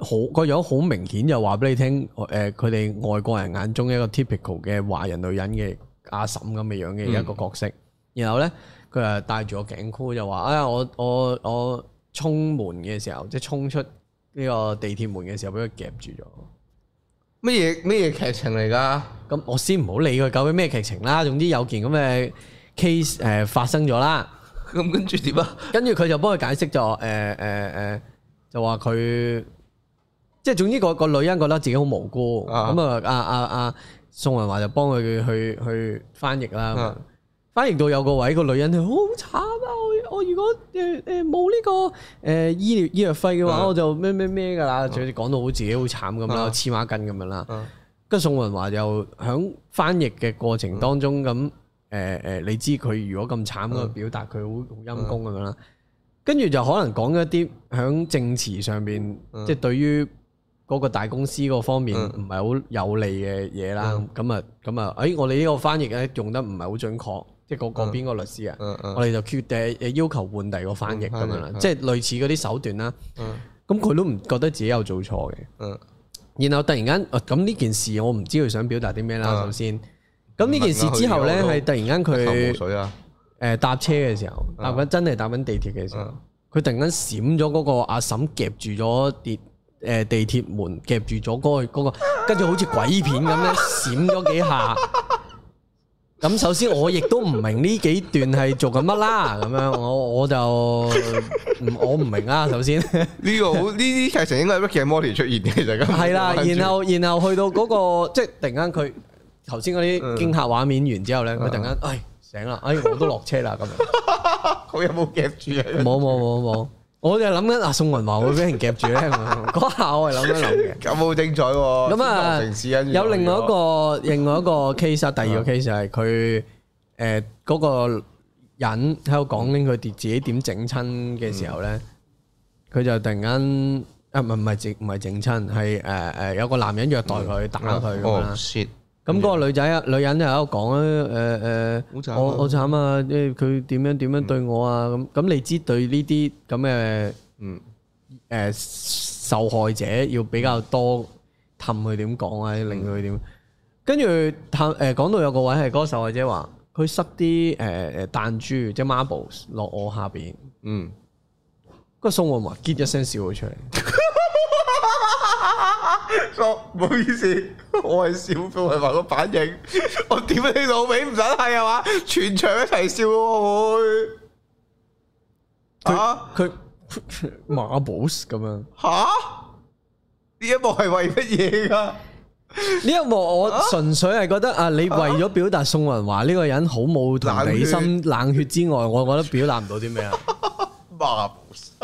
好個樣好明顯就話俾你聽，誒佢哋外國人眼中一個 typical 嘅華人女人嘅阿嬸咁嘅樣嘅一個角色。嗯、然後咧佢誒戴住個頸箍就話啊、哎、我我我沖門嘅時候，即係沖出呢個地鐵門嘅時候俾佢夾住咗。乜嘢乜嘢劇情嚟㗎？咁我先唔好理佢究竟咩劇情啦，總之有件咁嘅 case 誒、呃、發生咗啦。咁 跟住點啊？跟住佢就幫佢解釋咗，誒誒誒，就話佢。即係總之個個女人覺得自己好無辜，咁啊啊啊！宋雲華就幫佢去去翻譯啦，翻譯到有個位個女人係好慘啊！我如果誒誒冇呢個誒醫療醫藥費嘅話，我就咩咩咩㗎啦，仲要講到好自己好慘咁啦，黐孖筋咁樣啦。跟住宋雲華又喺翻譯嘅過程當中咁誒誒，你知佢如果咁慘嘅表達，佢好陰功咁樣啦。跟住就可能講一啲喺證詞上邊，即係對於，嗰個大公司嗰方面唔係好有利嘅嘢啦，咁啊咁啊，哎，我哋呢個翻譯咧用得唔係好準確，即係個個邊個律師啊？我哋就決定要求換第二個翻譯咁樣啦，即係類似嗰啲手段啦。咁佢都唔覺得自己有做錯嘅。然後突然間，咁呢件事我唔知佢想表達啲咩啦。首先，咁呢件事之後咧，係突然間佢搭車嘅時候，搭緊真係搭緊地鐵嘅時候，佢突然間閃咗嗰個阿嬸夾住咗跌。誒地鐵門夾住咗嗰、那個跟住、那個、好似鬼片咁樣閃咗幾下。咁首先我亦都唔明呢幾段係做緊乜啦。咁樣我我就我唔明啦。首先呢、這個呢啲劇情應該係 Rick and Morty 出現嘅其實。係啦，然後然後去到嗰、那個即係 突然間佢頭先嗰啲驚嚇畫面完之後咧，佢、嗯、突然間唉，醒啦，誒我都落車啦咁。佢 有冇夾住啊？冇冇冇冇。我就諗緊阿宋云華會俾人夾住咧，嗰下 我係諗緊諗嘅，咁好 精彩喎！咁啊，有、嗯、另外一個另外一個 case，啊。第二個 case 就係佢誒嗰個人喺度講緊佢哋自己點整親嘅時候咧，佢、嗯、就突然間啊唔唔係整唔係整親，係誒誒有個男人虐待佢打佢他咁、oh, 咁嗰個女仔啊，女人就喺度講、呃、啊，誒誒，好慘好慘啊，即佢點樣點樣對我啊，咁咁、嗯、你知對呢啲咁嘅，呃、嗯，誒受害者要比較多氹佢點講啊，令佢點，跟住氹誒講到有個位係個受害者話，佢塞啲誒誒彈珠即係 marbles 落我下邊，嗯，嗯個宋雲華結一聲笑咗出嚟。 唔 好意思，我係笑宋雲華個反應，我點你老尾唔想係係嘛？全場一齊笑我去，寶啊佢馬 b o 咁樣吓？呢一幕係為乜嘢噶？呢一幕我純粹係覺得啊，啊，你為咗表達宋文華呢個人好冇同理心冷冷、冷血之外，我我覺得表達唔到啲咩啊。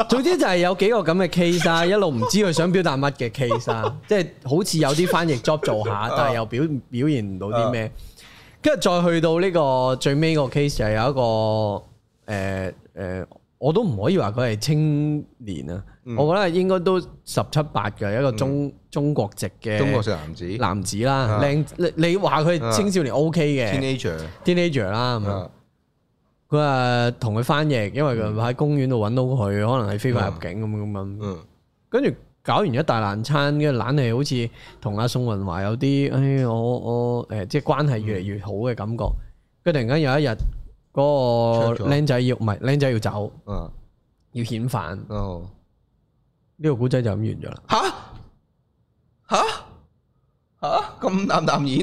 總之就係有幾個咁嘅 case 啊，一路唔知佢想表達乜嘅 case 啊，即係好似有啲翻譯 job 做下，但係又表表現唔到啲咩，跟住、 嗯、再去到呢個最尾個 case 就係有一個誒誒、呃，我都唔可以話佢係青年啊，嗯、我覺得應該都十七八嘅一個中中國籍嘅中國籍男子、嗯、男子啦，靚你你話佢青少年 OK 嘅，teenager，teenager 啦。嗯嗯。佢話同佢翻譯，因為佢喺公園度揾到佢，可能係非法入境咁咁咁。嗯，跟住搞完一大爛餐，跟住冷氣好似同阿宋雲華有啲，哎，我我誒，即係關係越嚟越好嘅感覺。佢突然間有一日，嗰個僆仔要唔係僆仔要走，嗯，要遣返。哦，呢個古仔就咁完咗啦。吓吓吓，咁淡淡然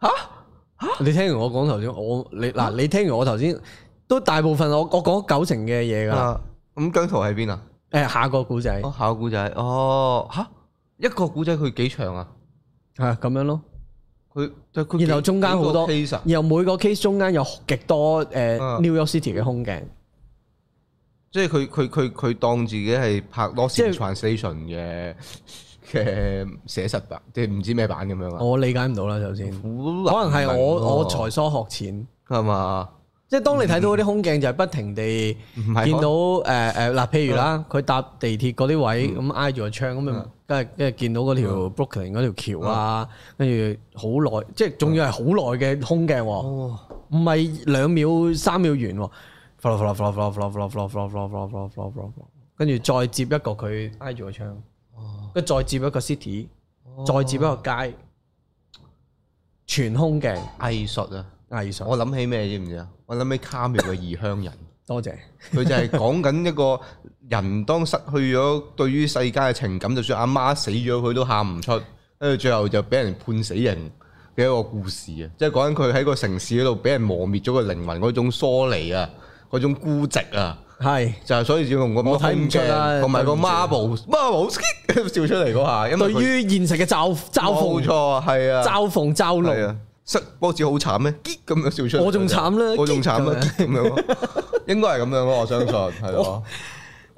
吓？蛤你聽完我講頭先，我你嗱，嗯、你聽完我頭先，都大部分我我講九成嘅嘢噶啦。咁姜濤喺邊啊？誒、啊，下個古仔。下個古仔，哦，吓、啊，一個古仔佢幾長啊？係咁、啊、樣咯，佢，然後中間好多，個個啊、然後每個 case 中間有極多誒、呃啊、New York City 嘅空鏡、啊。即係佢佢佢佢當自己係拍 Lost in Translation 嘅。嘅寫實版，即係唔知咩版咁樣啊！我理解唔到啦，首先，可能係我我才疏學淺係嘛？即係當你睇到嗰啲空鏡就係不停地見到誒誒嗱，譬如啦，佢搭地鐵嗰啲位咁挨住個窗咁啊，跟住跟住見到嗰條 Brooklyn 嗰條橋啊，跟住好耐，即係仲要係好耐嘅空鏡喎，唔係兩秒三秒完喎，跟住再接一個佢挨住個窗。再接一個 city，再接一個街，哦、全空嘅藝術啊！藝術，藝術我諗起咩知唔知啊？我諗起卡妙嘅異鄉人， 多謝佢 就係講緊一個人當失去咗對於世界嘅情感，就算阿媽死咗佢都喊唔出，跟住最後就俾人判死刑嘅一個故事啊！即係講緊佢喺個城市嗰度俾人磨滅咗個靈魂嗰種疏離啊，嗰種孤寂啊。係就係，所以要用，我睇唔出。同埋個 Marvel Marvel 笑出嚟嗰下，對於現實嘅嘲嘲諷，冇錯係啊，嘲諷嘲弄，塞波子好慘咩？咁樣笑出嚟，我仲慘啦，我仲慘啦，咁樣應該係咁樣咯，我相信係咯，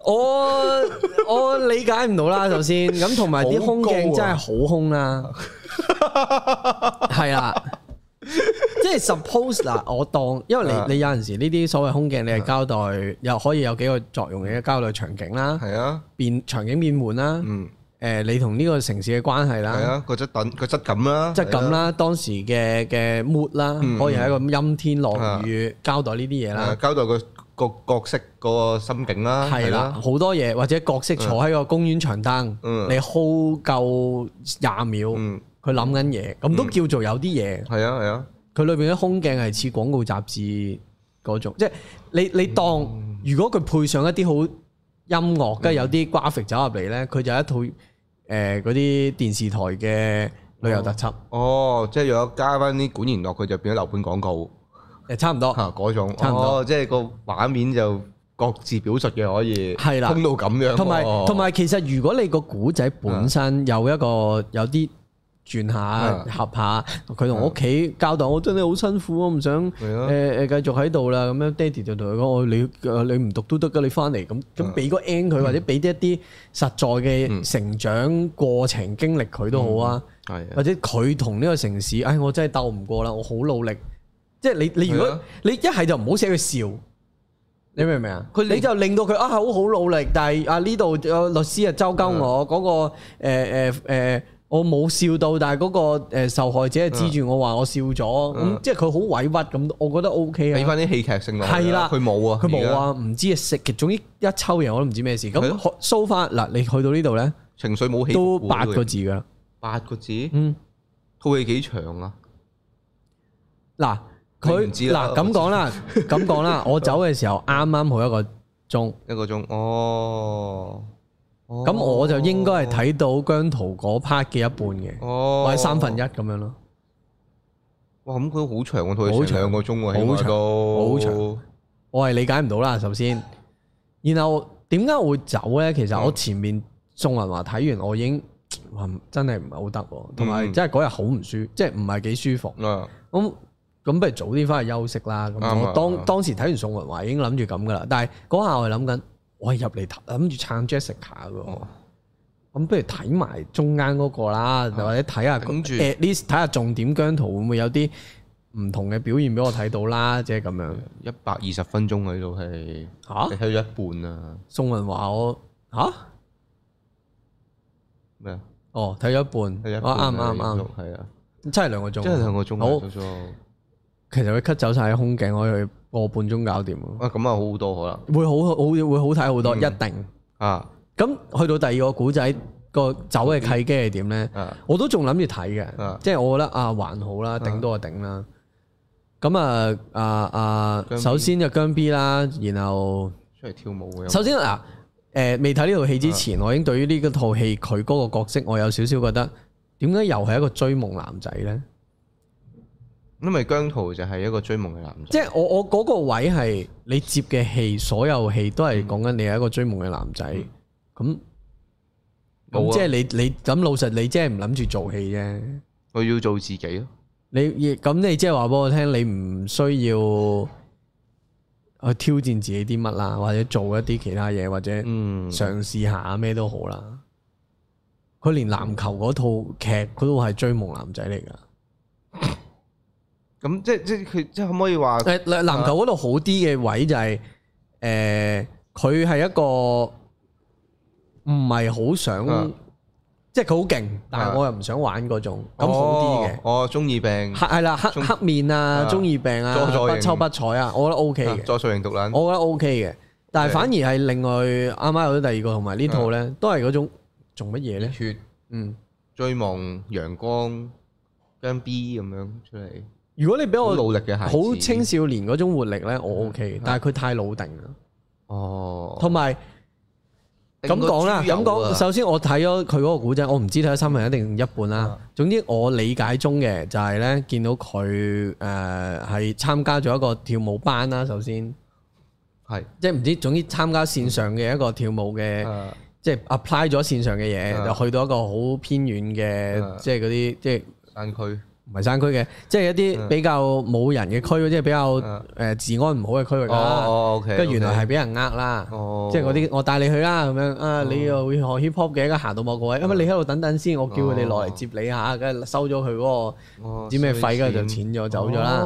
我我理解唔到啦，首先咁同埋啲空鏡真係好空啦，係啊。即係 suppose 嗱，我當因為你你有陣時呢啲所謂空鏡，你係交代又可以有幾個作用嘅，交代場景啦，係啊，變場景變換啦，嗯，誒，你同呢個城市嘅關係啦，係啊，個質等個質感啦，質感啦，當時嘅嘅 mood 啦，可以係一個陰天落雨交代呢啲嘢啦，交代個個角色個心境啦，係啦，好多嘢或者角色坐喺個公園長凳，嗯，你 hold 夠廿秒，佢諗緊嘢，咁都叫做有啲嘢。係啊係啊，佢裏邊啲空鏡係似廣告雜誌嗰種，即係你你當如果佢配上一啲好音樂，跟上有啲瓜 r 走入嚟呢，佢就有一套誒嗰啲電視台嘅旅遊特輯。哦，哦，即係若加翻啲管弦樂，佢就變咗樓盤廣告。誒，差唔多嗰種。哦、差唔多，即係個畫面就各自表述嘅可以。係啦，通到咁樣。同埋同埋，其實如果你個古仔本身有一個有啲。轉下合下，佢同屋企交代，我，我真係好辛苦，我唔想誒誒繼續喺度啦。咁樣爹哋就同佢講：我你你唔讀都得嘅，你翻嚟，咁咁俾個 N 佢，是的 或者俾一啲實在嘅成長過程是的 經歷佢都好啊。或者佢同呢個城市，哎，我真係鬥唔過啦，我好努力。即係你你如果你一係就唔好寫佢笑，是的 你明唔明啊？佢你就令到佢啊，好好努力。嗯、但係啊呢度律師周啊周鳩我嗰個誒誒誒。呃呃我冇笑到，但係嗰個受害者係指住我話我笑咗，咁即係佢好委屈咁，我覺得 O K 啊。俾翻啲戲劇性落去。係啦，佢冇啊，佢冇啊，唔知啊，食劇總之一抽嘢我都唔知咩事。咁佢收翻嗱，你去到呢度咧，情緒冇起伏都八個字㗎。八個字，嗯？套戲幾長啊？嗱佢嗱咁講啦，咁講啦，我走嘅時候啱啱好一個鐘，一個鐘哦。咁我就應該係睇到姜濤嗰 part 嘅一半嘅，哦、或者三分一咁樣咯。哇！咁佢好長喎，好長個鐘喎，好長，好長。我係理解唔到啦，首先。然後點解我會走咧？其實我前面宋文華睇完，我已經話真係唔係好得，同埋真係嗰日好唔舒，即係唔係幾舒服。嗯。咁咁不如早啲翻去休息啦。咁我當當時睇完宋文華已經諗住咁噶啦，但係嗰下我係諗緊。我係入嚟諗住撐 Jessica 嘅，咁、哦、不如睇埋中間嗰個啦，啊、或者睇下 at least 睇下重點姜濤會唔會有啲唔同嘅表現畀我睇到啦，即係咁樣。一百二十分鐘啊，呢度係吓，你睇咗一半啊。宋文華我吓咩啊？麼哦，睇咗一半，啱啱啱，係啊，真係兩個鐘，真係兩個鐘，好。其實佢 cut 走晒空鏡，可以個半鐘搞掂啊！咁啊，好好多可能，會好好會好睇好多，嗯、一定啊！咁去到第二個古仔，個走嘅契機係點咧？啊、我都仲諗住睇嘅，啊、即係我覺得啊，還好啦，頂多就頂啦。咁啊啊啊！啊啊邊首先就姜 B 啦，然後出嚟跳舞首先嗱，誒、啊、未睇呢套戲之前，啊、我已經對於呢套戲佢嗰個角色，我有少少覺得，點解又係一個追夢男仔咧？因為姜濤就係一個追夢嘅男仔，即係我我嗰個位係你接嘅戲，所有戲都係講緊你係一個追夢嘅男仔。咁，即係你你咁老實，你即係唔諗住做戲啫。我要做自己咯。你咁你即係話俾我聽，你唔需要去挑戰自己啲乜啦，或者做一啲其他嘢，或者嘗試下咩都好啦。佢、嗯、連籃球嗰套劇，佢都係追夢男仔嚟噶。咁即係即係佢即係可唔可以話？誒，籃球嗰度好啲嘅位就係誒，佢係一個唔係好想，即係佢好勁，但係我又唔想玩嗰種，咁好啲嘅。我中二病係係啦，黑黑面啊，中二病啊，不抽不睬啊，我覺得 O K 嘅。再塑形獨卵，我覺得 O K 嘅。但係反而係另外啱啱有咗第二個同埋呢套咧，都係嗰種做乜嘢咧？嗯，追夢陽光跟 B 咁樣出嚟。如果你俾我努力嘅，係好青少年嗰種活力咧，嗯、我 O K，嗯、但係佢太老定啦。哦，同埋咁講啦，咁講，首先我睇咗佢嗰個古仔，我唔知睇咗三分一定一半啦。嗯、總之我理解中嘅就係、是、咧，見到佢誒係參加咗一個跳舞班啦。首先係、嗯、即係唔知，總之參加線上嘅一個跳舞嘅，即係 apply 咗線上嘅嘢，嗯、就去到一個好偏遠嘅，即係嗰啲即係山區。唔係山區嘅，即係一啲比較冇人嘅區，即係比較誒治安唔好嘅區域啦。跟住原來係俾人呃啦，即係嗰啲我帶你去啦，咁樣啊，你又會學 hiphop 嘅，而家行到某個位，咁你喺度等等先，我叫佢哋落嚟接你嚇，跟收咗佢嗰個，唔知咩費，跟住就錢咗走咗啦。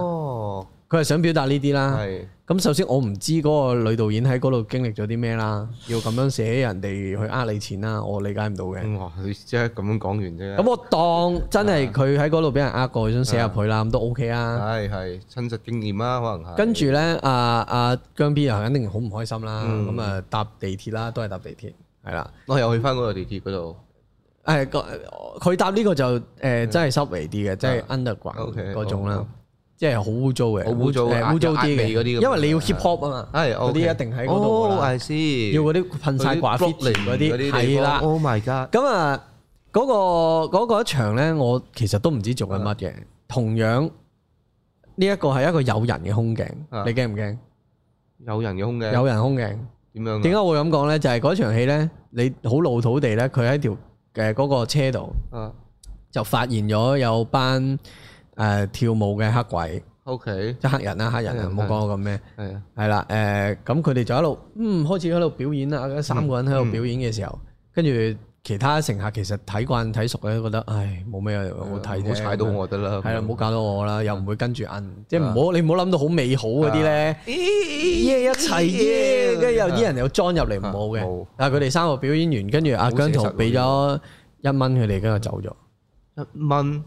佢係想表達呢啲啦，咁首先我唔知嗰個女導演喺嗰度經歷咗啲咩啦，要咁樣寫人哋去呃你錢啦，我理解唔到嘅。咁佢即係咁樣講完啫。咁我當真係佢喺嗰度俾人呃過，想寫入去啦，咁都 OK 啊。係係，親身經驗啦，可能係。跟住咧，阿阿姜 B 又肯定好唔開心啦。咁啊，搭地鐵啦，都係搭地鐵，係啦。我又去翻嗰個地鐵嗰度。誒，佢搭呢個就誒，真係濕碎啲嘅，即係 underground 嗰種啦。即係好污糟嘅，污糟啲嘅嗰啲，因為你要 Hip Hop 啊嘛，嗰啲一定喺嗰度。係先，要嗰啲噴曬寡血嗰啲。係啦，Oh my god！咁啊，嗰個嗰個一場咧，我其實都唔知做緊乜嘢。同樣呢一個係一個有人嘅空鏡，你驚唔驚？有人嘅空鏡，有人空鏡點樣？點解會咁講咧？就係嗰場戲咧，你好老土地咧，佢喺條嘅嗰個車度，就發現咗有班。誒跳舞嘅黑鬼，OK，即係黑人啦，黑人啊，唔好講我咁咩，係啊，係啦，誒咁佢哋就喺度，嗯，開始喺度表演啦，三個人喺度表演嘅時候，跟住其他乘客其實睇慣睇熟咧，覺得唉冇咩好睇，冇踩到我得啦，係啦，唔好搞到我啦，又唔會跟住摁，即係唔好你唔好諗到好美好嗰啲咧，耶一齊耶，跟住有啲人又裝入嚟唔好嘅，但係佢哋三個表演完，跟住阿姜濤俾咗一蚊佢哋，跟住走咗一蚊。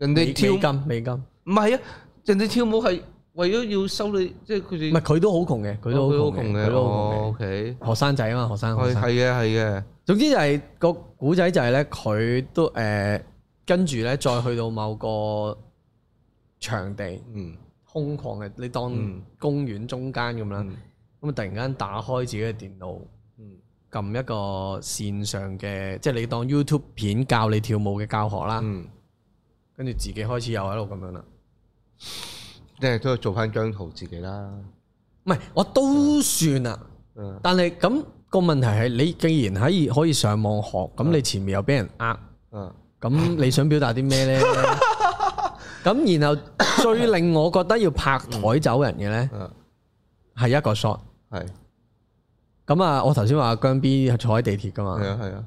人哋跳美金，美金唔係啊！人哋跳舞係為咗要收你，即係佢哋唔係，佢都好窮嘅，佢都好窮嘅，佢都好窮嘅。O K，學生仔啊嘛，學生係係嘅係嘅。總之就係個古仔就係咧，佢都誒跟住咧再去到某個場地，嗯，空曠嘅，你當公園中間咁啦，咁啊、嗯嗯、突然間打開自己嘅電腦，嗯，撳一個綫上嘅，即係你當 YouTube 片教你跳舞嘅教學啦，嗯。跟住自己開始又喺度咁樣啦，即係都做翻張圖自己啦。唔係，我都算啊。但係咁、個問題係，你既然可以可以上網學，咁、啊、你前面又俾人呃，嗯、啊。咁你想表達啲咩呢？咁 然後最令我覺得要拍台走人嘅呢，係、啊、一個 shot。係是。咁啊，我頭先話姜 B 坐喺地鐵噶嘛？係啊，係啊。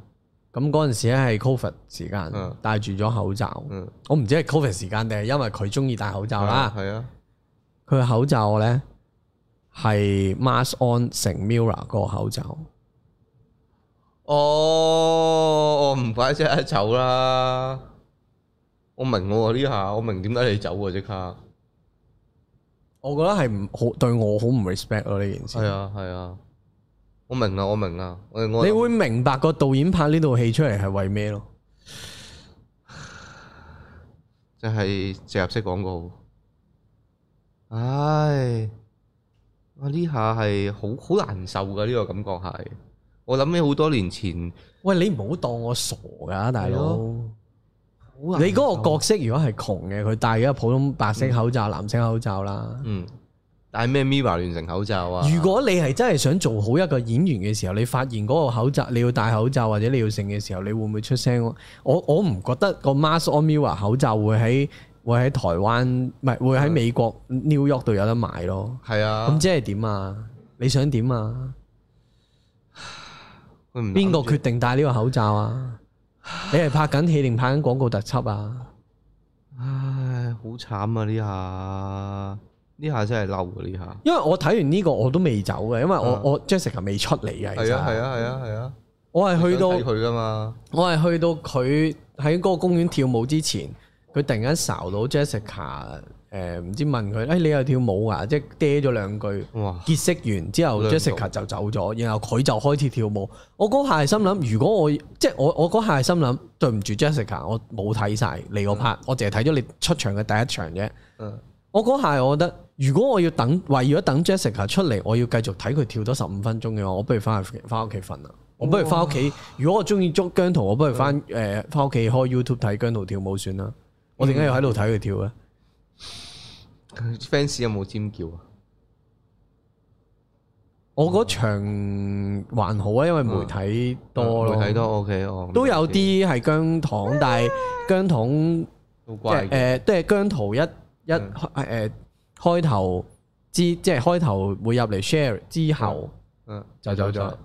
咁嗰陣時咧係 covid 時間，戴住咗口罩。嗯、我唔知係 covid 時間定係因為佢中意戴口罩啦。係啊，佢個、啊、口罩咧係 mask on 成 mira 個口罩。哦，我唔怪之得即刻走啦！我明喎呢下，我明點解你走喎即刻。我覺得係唔好對我好唔 respect 咯呢件事。係啊，係啊。我明啦，我明啦，你會明白個導演拍呢套戲出嚟係為咩咯。就係植入式廣告。唉，呢下係好好難受噶，呢、這個感覺係我諗起好多年前。喂，你唔好當我傻噶，大佬。你嗰個角色如果係窮嘅，佢戴咗普通白色口罩，嗯、藍色口罩啦。嗯。戴咩 MIRROR 連成口罩啊！如果你係真係想做好一個演員嘅時候，你發現嗰個口罩你要戴口罩或者你要成嘅時候，你會唔會出聲？我我唔覺得個 Mask On MIRROR 口罩會喺會喺台灣，唔係會喺美國 New York 度有得買咯。係啊，咁即係點啊？你想點啊？邊個決定戴呢個口罩啊？ 你係拍緊戲定拍緊廣告特輯啊？唉，好慘啊！呢下。呢下真係嬲啊！呢下、這個，因為我睇完呢個我都未走嘅，因為我我 Jessica 未出嚟啊，係啊係啊係啊係啊，啊啊我係去到佢噶嘛，我係去到佢喺嗰個公園跳舞之前，佢突然間睄到 Jessica，誒、呃、唔知問佢，誒、哎、你又跳舞啊，即係嗲咗兩句，哇結識完之後 Jessica 就走咗，然後佢就開始跳舞。我嗰下係心諗，如果我即係我我嗰下係心諗、嗯、對唔住 Jessica，我冇睇晒你個 part，、嗯、我淨係睇咗你出場嘅第一場啫。嗯、我嗰下我覺得。如果我要等，話如果等 Jessica 出嚟，我要繼續睇佢跳多十五分鐘嘅話，我不如翻去翻屋企瞓啦。我不如翻屋企。哇如果我中意捉薑濤，我不如翻誒翻屋企開 YouTube 睇薑濤跳舞算啦。我點解要喺度睇佢跳咧？fans、嗯、有冇尖叫啊？我嗰場還好啊，因為媒體多、啊啊啊、媒體多 OK 哦。都有啲係薑糖，啊、但係薑糖即係誒，即係薑糖一一誒。一嗯嗯開頭之，即係開頭會入嚟 share 之後，嗯，就走咗，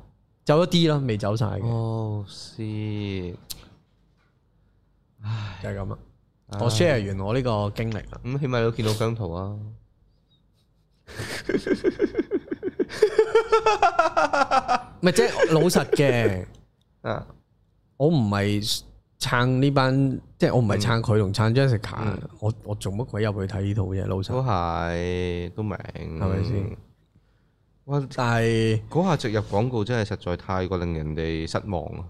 走咗啲咯，未走晒嘅。哦，唉是，唉，就係咁啦。我 share 完我呢個經歷，咁起碼都見到姜濤啊。咪，即係老實嘅，嗯，我唔係撐呢班。即係我唔係撐佢同撐 Jessica、嗯、我我做乜鬼入去睇呢套嘢？老實都係都明係咪先？是，是哇！但係嗰下植入廣告真係實在太過令人哋失望啊！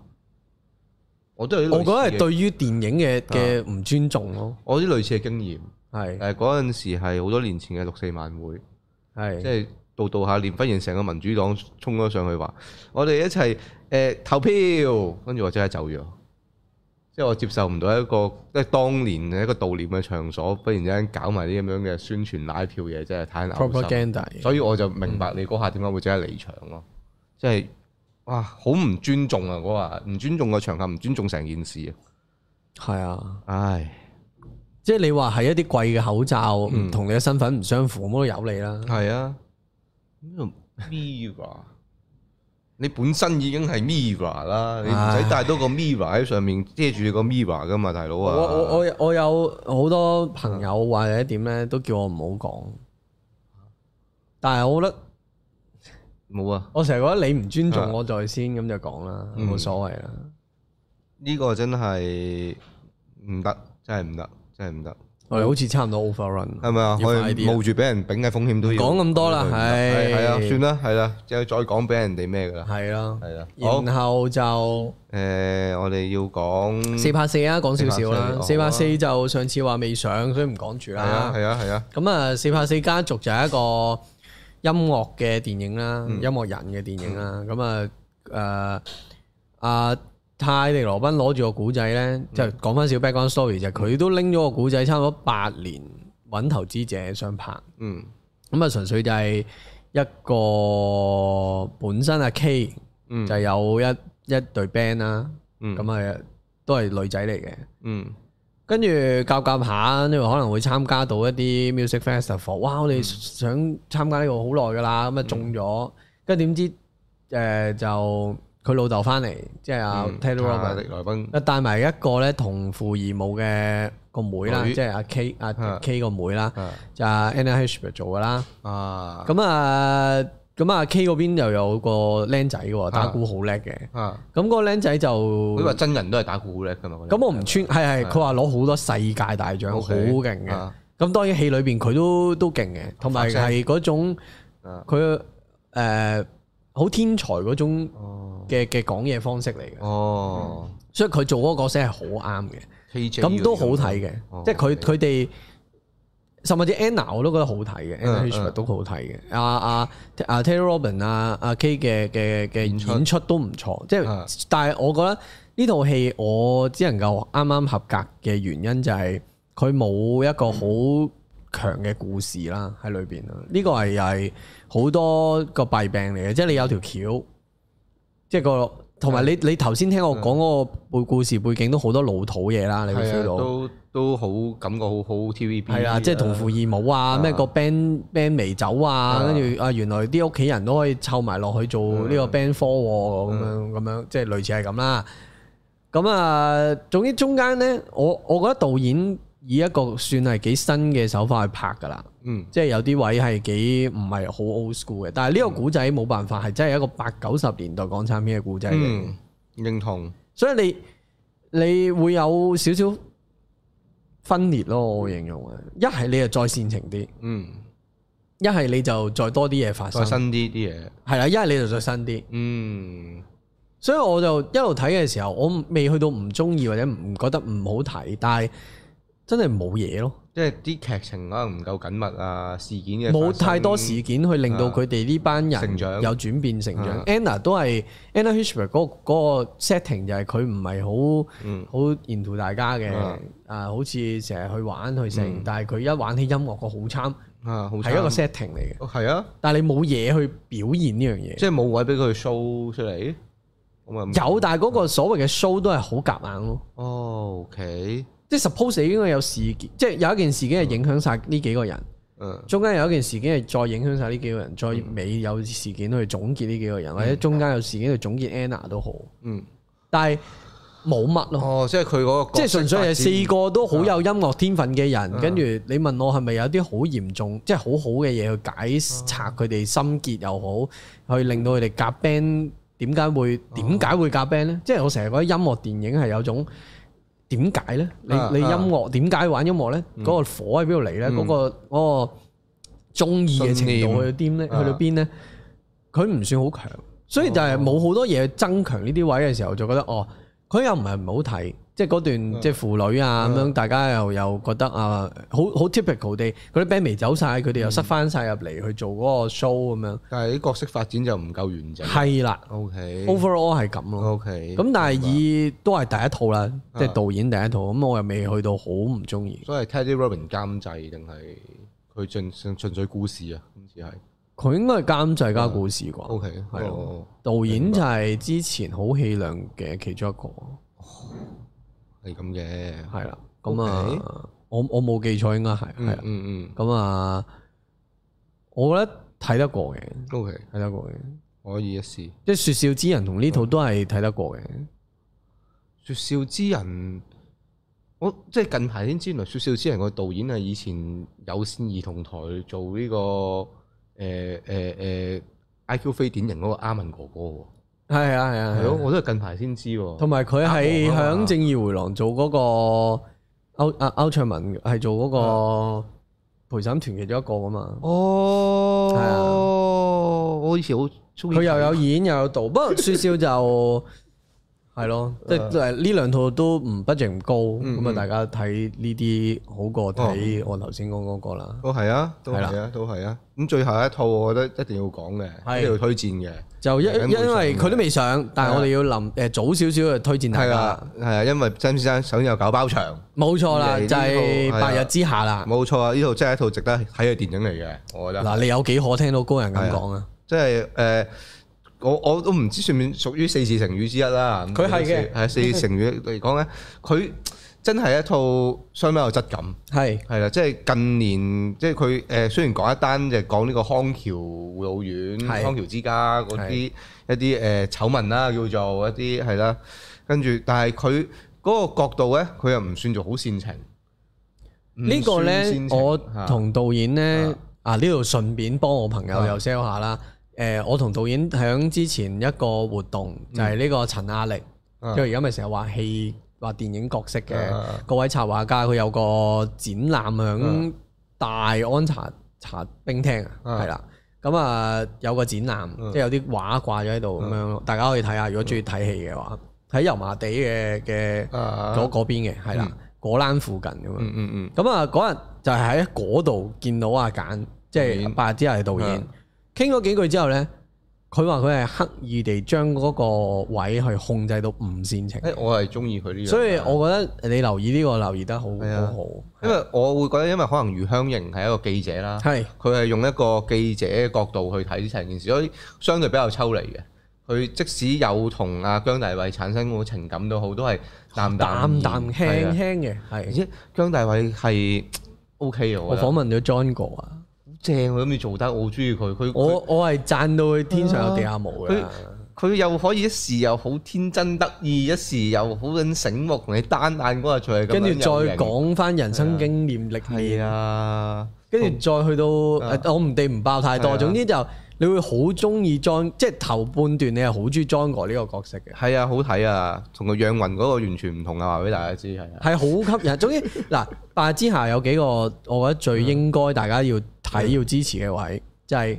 我都係我覺得係對於電影嘅嘅唔尊重咯。我啲類似嘅經驗係誒嗰陣時係好多年前嘅六四晚會，係即係度度下連翻完成個民主黨衝咗上去話，我哋一齊誒、呃、投票，跟住我即刻走咗。因係我接受唔到一個，即係當年嘅一個悼念嘅場所，忽然之間搞埋啲咁樣嘅宣傳拉票嘢，真係太牛！ag 所以我就明白你嗰下點解會即刻離場咯。即係、嗯就是、哇，好唔尊重啊！我話唔尊重個場合，唔尊重成件事啊。係啊，唉，即係你話係一啲貴嘅口罩，唔同你嘅身份唔相符，咁都、嗯、有你啦。係啊，邊個？你本身已經係 Mirror 啦，唉 你唔使帶多個 Mirror 喺上面遮住你個 Mirror 噶嘛，大佬啊！我我我有好多朋友或者點咧，都叫我唔好講。但係我覺得冇有啊！我成日覺得你唔尊重我在先，咁就講啦，冇所謂啦。呢個真係唔得，真係唔得，真係唔得。我哋好似差唔多 overrun，係咪啊？我冒住俾人丙嘅風險都要講咁多啦，係係啊，算啦，係啦，之後再講俾人哋咩噶啦，係啦，係啦。然後就誒，我哋要講四拍四啊，講少少啦。四拍四就上次話未上，所以唔講住啦。係啊，係啊，係啊。咁啊，四拍四家族就係一個音樂嘅電影啦，音樂人嘅電影啦。咁啊，誒啊。泰迪羅賓攞住個古仔咧，嗯、就講翻小 background story 就，佢都拎咗個古仔差唔多八年揾投資者想拍，咁啊、嗯、純粹就係一個本身啊 K、嗯、就有一一隊 band 啦、嗯，咁啊都係女仔嚟嘅，跟住夾夾下，因為可能會參加到一啲 music festival，哇！我哋想參加呢個好耐噶啦，咁啊中咗，跟住點知誒、呃、就～佢老豆翻嚟，即係啊，Teddy Robin，啊，帶埋一個咧同父異母嘅個妹啦，即係阿 K 阿 K 個妹啦，就阿 Anna Hirsch 做噶啦。啊，咁啊，咁阿 K 嗰邊又有個僆仔嘅，打鼓好叻嘅。咁個僆仔就，佢話真人都係打鼓叻嘅嘛。咁我唔穿，係係，佢話攞好多世界大獎，好勁嘅。咁當然戲裏邊佢都都勁嘅，同埋係嗰種，佢誒。好天才嗰種嘅嘅講嘢方式嚟嘅，所以佢做嗰個角色係好啱嘅，咁都好睇嘅。即係佢佢哋，甚至 Anna 我都覺得好睇嘅，全部都好睇嘅。阿阿阿 Taylor Robin 阿阿 K 嘅嘅嘅演出都唔錯。即係，但係我覺得呢套戲我只能夠啱啱合格嘅原因就係佢冇一個好強嘅故事啦，喺裏邊啊，呢個係係好多個弊病嚟嘅，即係你有條橋，嗯、即係個同埋你你頭先聽我講嗰個背故事背景都好多老土嘢啦，你會知道，都都好感覺好好 TVB 係啊，即係同父異母啊，咩個 band band 未走啊，跟住、嗯、啊，原來啲屋企人都可以湊埋落去做呢個 band four 咁樣咁樣，即係類似係咁啦。咁啊，總之中間咧，我我覺得導演。以一個算係幾新嘅手法去拍㗎啦，嗯，即係有啲位係幾唔係好 old school 嘅，但係呢個古仔冇辦法係、嗯、真係一個八九十年代港產片嘅古仔嚟，認同。所以你你會有少少分裂咯，我形容啊，一係你就再煽情啲，嗯，一係你就再多啲嘢發生，再新啲啲嘢，係啦，一係你就再新啲，嗯。所以我就一路睇嘅時候，我未去到唔中意或者唔覺得唔好睇，但係。真係冇嘢咯，即係啲劇情可能唔夠緊密啊，事件嘅冇太多事件去令到佢哋呢班人有轉變成長。Anna 都係 Anna Hatcher 嗰個 setting 就係佢唔係好好 into 大家嘅啊，好似成日去玩去成，但係佢一玩起音樂個好 charm 啊，係一個 setting 嚟嘅，係啊，但係你冇嘢去表現呢樣嘢，即係冇位俾佢 show 出嚟，有但係嗰個所謂嘅 show 都係好夾硬咯。哦，OK。即係 suppose 應該有事件，即係有一件事件係影響晒呢幾個人，嗯，中間有一件事件係再影響晒呢幾個人，嗯、再尾有事件去總結呢幾個人，嗯、或者中間有事件去總結 Anna 都好，嗯，但係冇乜咯，哦，即係佢嗰個，即係純粹係四個都好有音樂天分嘅人，跟住、嗯、你問我係咪有啲好嚴重，即係好好嘅嘢，去解拆佢哋心結又好，嗯嗯、去令到佢哋夾 band，點解會點解、嗯、會夾 band 咧？即係我成日覺得音樂電影係有種。點解咧？你你音樂點解玩音樂咧？嗰、嗯、個火喺邊度嚟咧？嗰、嗯嗰個中意嘅程度去到邊咧？去到邊咧？佢唔算好強，所以就係冇好多嘢增強呢啲位嘅時候，就覺得哦，佢又唔係唔好睇。即係嗰段即係父女啊咁樣，大家又又覺得啊，好好 typical 地，嗰啲 band 未走晒，佢哋又塞翻晒入嚟去做嗰個 show 咁樣。但係啲角色發展就唔夠完整。係啦，OK，overall 係咁咯。OK，咁 okay, 但係以白都係第一套啦，即、就、係、是、導演第一套，咁、啊、我又未去到好唔中意。所以 Teddy Robin 監製定係佢純純粹故事啊？好似係佢應該係監製加故事啩、啊、？OK，係咯了。哦、導演就係之前好戲量嘅其中一個。係咁嘅，係啦，咁啊 Okay?，我我冇記錯應該係，係嗯。咁啊的、嗯，我覺得睇得過嘅，OK，睇得過嘅，可以一試。即係說笑之人同呢套都係睇得過嘅。說笑之人，我即係近排先知道，說笑之人個導演啊，以前有綫兒童台做呢、這個誒誒誒 IQ 非典型嗰個阿文哥哥。係啊係啊，係咯的的我都係近排先知喎。同埋佢係響正義回廊做嗰個歐阿歐卓文嘅。係、啊啊、做嗰個陪審團其中一個啊嘛。哦，係啊的，我以前好中意佢又有演又有導， 不過雪笑就。 係咯，即係呢兩套都唔 budget 唔高，咁啊、嗯嗯、大家睇呢啲好過睇我頭先講嗰個啦。都係、哦、啊，都係啊，都係啊。咁最後一套，我覺得一定要講嘅，係一定要推薦嘅。就因一因為佢都未上，但係我哋要臨誒早少少去推薦大家。係啊，因為 Sam 先生想有搞包場。冇錯啦，就係《白日之下》啦。冇錯啊，呢套真係一套值得睇嘅電影嚟嘅。我覺得。嗱，你有幾可聽到高人咁講啊？即係誒。呃我我都唔知算唔算屬於四字成語之一啦。佢係嘅，係四字成語嚟講咧，佢真係一套相當有質感。係係啦，即係近年即係佢誒，雖然講一單就講呢個康橋護老院、康橋之家嗰啲一啲誒醜聞啦，叫做一啲係啦。跟住，但係佢嗰個角度咧，佢又唔算做好煽情。呢個咧，我同導演咧啊，呢度順便幫我朋友又 sell 下啦。誒、呃，我同導演喺之前一個活動，就係、是、呢個陳亞力，因為而家咪成日話戲話電影角色嘅、嗯、各位插畫家，佢有個展覽喺大安茶茶冰廳啊，係啦、嗯。咁啊、呃、有個展覽，嗯、即係有啲畫掛咗喺度咁樣，大家可以睇下。如果中意睇戲嘅話，喺油麻地嘅嘅左嗰邊嘅係啦，果欄附近咁樣。咁啊嗰日就係喺嗰度見到阿簡，即係白日之下嘅導演。嗯嗯嗯嗯嗯傾咗幾句之後呢，佢話佢係刻意地將嗰個位去控制到唔煽情、欸。我係中意佢呢樣。所以，我覺得你留意呢、這個留意得好好的好。的因為我會覺得，因為可能余香盈係一個記者啦，係佢係用一個記者嘅角度去睇成件事，所以相對比較抽離嘅。佢即使有同阿姜大偉產生過情感都好，都係淡淡，淡淡輕輕嘅。係的，的而且姜大偉係 OK 嘅。的我訪問咗 John 哥啊。正佢咁樣做得，我好中意佢。佢我我係讚到佢天上有地下冇嘅。佢佢又可以一時又好天真得意，一時又好咁醒目，同你單眼嗰個菜。跟住再講翻人生經驗歷練。係啊，跟住年、啊、再去到，啊啊、我唔地唔爆太多，啊、總之就。你會好中意莊，即係頭半段你係好中意莊岳呢個角色嘅。係啊，好睇啊，同個楊雲嗰個完全唔同啊！話俾大家知，係係好吸引。總之，嗱《白日之下》有幾個，我覺得最應該大家要睇要支持嘅位，就係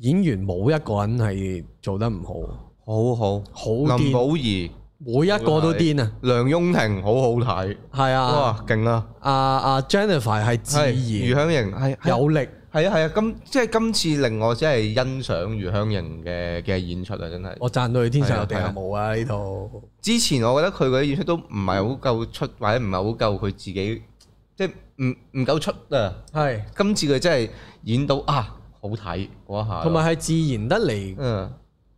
演員冇一個人係做得唔好，好好好。林保怡每一個都癲啊！梁雍婷，好好睇，係啊，哇，勁啊！阿阿 Jennifer 係自然，余香凝係有力。係啊係啊，今即係今次令我真係欣賞余香瑩嘅嘅演出啊！真係，我讚到佢天上有地下冇啊！呢套，啊啊、之前我覺得佢嗰啲演出都唔係好夠出，或者唔係好夠佢自己，即係唔唔夠出啊！係，今次佢真係演到啊好睇下，同埋係自然得嚟，嗯、啊，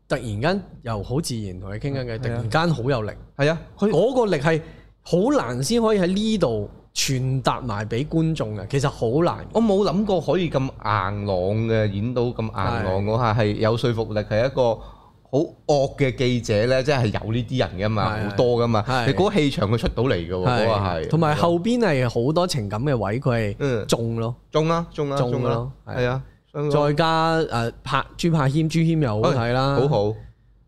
突然間又好自然，同佢傾緊偈，突然間好有力，係啊，佢嗰個力係好難先可以喺呢度。傳達埋俾觀眾嘅，其實好難。我冇諗過可以咁硬朗嘅演到咁硬朗。嗰下係有說服力，係一個好惡嘅記者咧，即係有呢啲人噶嘛，好多噶嘛。你嗰氣場佢出到嚟嘅喎，嗰個係。同埋後邊係好多情感嘅位，佢係中咯。中啦，中啦，中啦。係啊，再加誒，拍朱柏謙、朱謙又好睇啦，好好。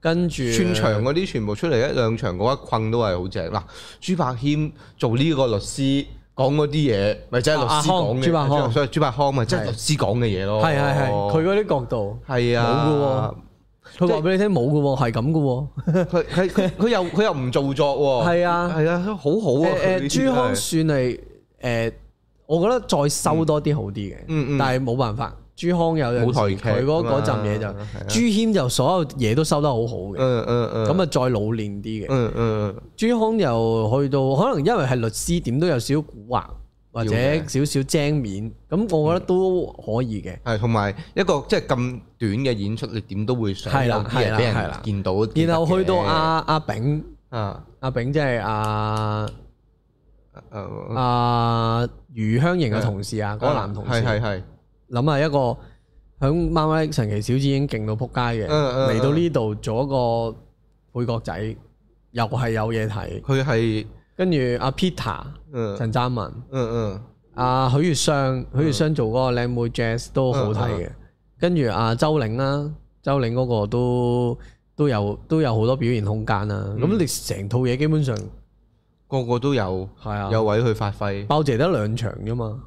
跟住串場嗰啲全部出嚟一兩場嗰一困都係好正嗱。朱柏謙做呢個律師。講嗰啲嘢，咪即係律師講嘅，所以朱栢康咪即係律師講嘅嘢咯。係係係，佢嗰啲角度。係啊的，冇嘅喎，佢話俾你聽冇嘅喎，係咁嘅喎。佢佢佢又佢又唔做作喎。係啊係啊，好的好啊。誒朱、呃、康算係誒的、呃，我覺得再收多啲好啲嘅、嗯。嗯嗯，但係冇辦法。朱康有佢嗰嗰陣嘢就，朱謙就所有嘢都收得好好嘅，咁啊再老練啲嘅。朱康又去到，可能因為係律師，點都有少少蠱惑或者少少精面，咁我覺得都可以嘅。係同埋一個即係咁短嘅演出，你點都會想有啲嘢俾人見到。然後去到阿阿炳，阿阿炳即係阿阿余香凝嘅同事啊，嗰個男同事。諗下一個，響《媽媽的神奇小子》已經勁到撲街嘅，嚟到呢度做一個配角仔，又係有嘢睇。佢係跟住阿 Peter、陳湛文、阿許月湘、許月湘做嗰個靚妹 Jazz 都好睇嘅。跟住阿周玲啦，周玲嗰個都都有都有好多表現空間啦。咁你成套嘢基本上個個都有，有位去發揮。包姐得兩場啫嘛。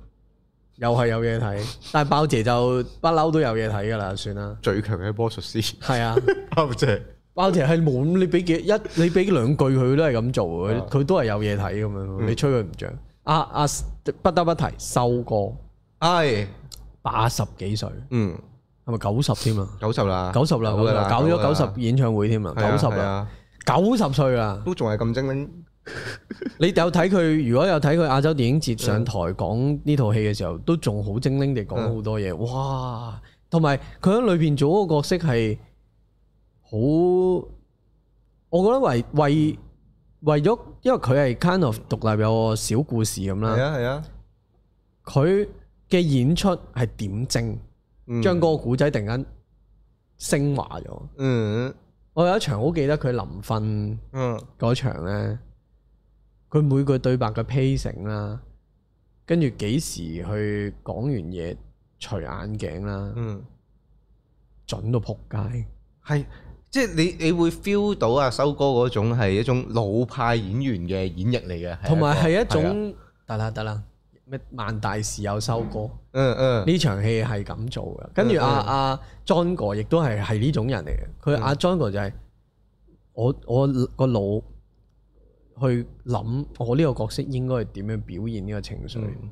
又係有嘢睇，但係包姐就不嬲都有嘢睇噶啦，算啦。最強嘅波術師係啊，包姐，包姐係滿，你俾幾一，你俾兩句佢都係咁做，佢、哦、都係有嘢睇咁樣。嗯、你吹佢唔漲阿、啊、阿、啊、不得不提，修哥係八十幾歲，哎、歲，嗯，係咪九十添啊？九十啦，九十啦，搞咗九十演唱會添啊，九十啦，九十歲啦，都仲係咁精靈。 你有睇佢？如果有睇佢亞洲電影節上台講呢套戲嘅時候，嗯、都仲好精靈地講好多嘢。嗯、哇！同埋佢喺裏邊做嗰個角色係好，我覺得為為為咗，因為佢係 kind of 獨立有個小故事咁啦。係啊，係啊。佢嘅演出係點睛，將嗰個古仔突然間升華咗。嗯，我有一場好記得佢臨瞓，嗰場咧。嗯佢每個對白嘅 pacing 啦，跟住幾時去講完嘢除眼鏡啦，嗯、準到撲街，係即係你你會 feel 到阿、啊、修哥嗰種係一種老派演員嘅演繹嚟嘅，同埋係一種得啦得啦，咩的萬大事有修哥，嗯嗯，呢、嗯嗯、場戲係咁做嘅，嗯嗯、跟住阿阿 John 哥亦都係係呢種人嚟嘅，佢阿 John 哥就係我我個腦。去諗我呢個角色應該係點樣表現呢個情緒，嗯、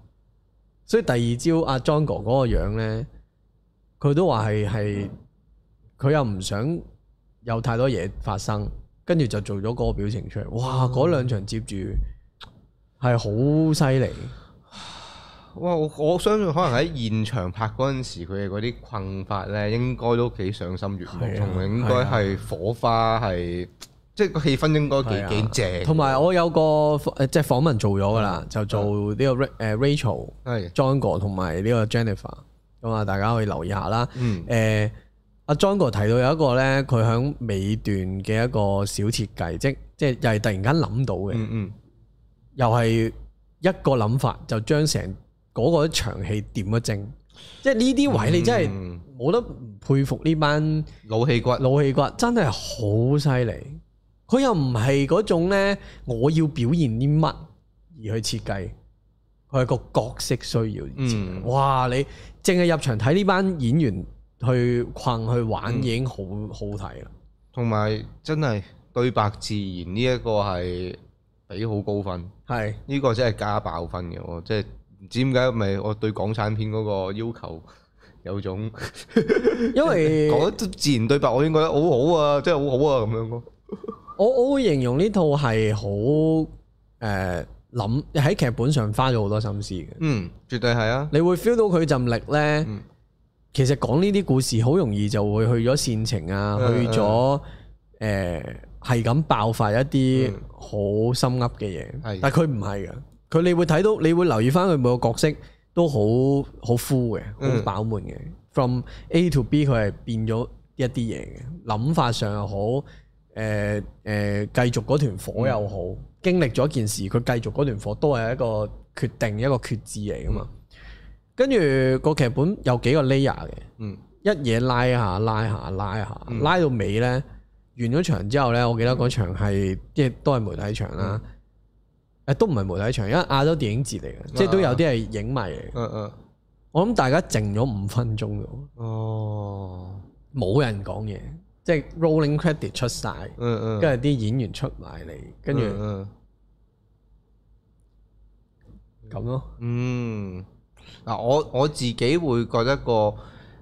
所以第二朝阿 John 哥嗰個樣咧，佢都話係係，佢又唔想有太多嘢發生，跟住就做咗嗰個表情出嚟。哇！嗰兩、嗯、場接住係好犀利。哇！我我相信可能喺現場拍嗰陣時，佢哋嗰啲困法咧， 應該都幾賞心悅目，仲、啊、應該係火花係。 即係個氣氛應該幾幾正，同埋我有個誒即係訪問做咗噶啦，嗯、就做呢個 Rachel 是、John 哥同埋呢個 Jennifer，咁啊大家可以留意下啦。誒阿、嗯欸、John 哥提到有一個咧，佢響尾段嘅一個小設計，即即係又係突然間諗到嘅、嗯，嗯又係一個諗法就將成嗰個場戲點一正，即係呢啲位你真係冇得佩服呢班老戲骨，老戲骨真係好犀利。佢又唔係嗰種咧，我要表現啲乜而去設計，佢係個角色需要。嗯，哇！你淨係入場睇呢班演員去困去玩已經，好好睇啦。同埋真係對白自然呢一個係俾好高分，係呢是個真係加爆分嘅。我即係唔知點解，咪我對港產片嗰個要求有種，因為 覺得自然對白，我已經覺得好好啊，真係好好啊咁樣咯。我我會形容呢套係好誒，諗喺劇本上花咗好多心思嘅，嗯，絕對係啊！你會 feel 到佢盡力咧。其實講呢啲故事好容易就會去咗煽情啊，去咗誒，係咁爆發一啲好心噏嘅嘢。但佢唔係嘅，佢你會睇到你會留意翻佢每個角色都好好敷嘅，好飽滿嘅。From A to B，佢係變咗一啲嘢嘅，諗法上又好。誒誒，繼、嗯、續嗰團火又好，嗯、經歷咗件事，佢繼續嗰團火都係一個決定，一個決志嚟噶嘛。跟住個劇本有幾個 layer 嘅，嗯，一嘢，拉一下，拉下，拉下，拉到尾咧，完咗場之後咧，嗯、我記得嗰場係即係都係媒體場啦，誒，都唔係媒體場，因為亞洲電影節嚟嘅，即係都有啲係影迷嚟嘅、嗯。嗯嗯，我諗大家靜咗五分鐘咯，哦、嗯，冇、嗯嗯、人講嘢。即係 rolling credit 出晒，跟住啲演員出埋嚟，跟住咁咯。嗯，嗱，我我自己會覺得個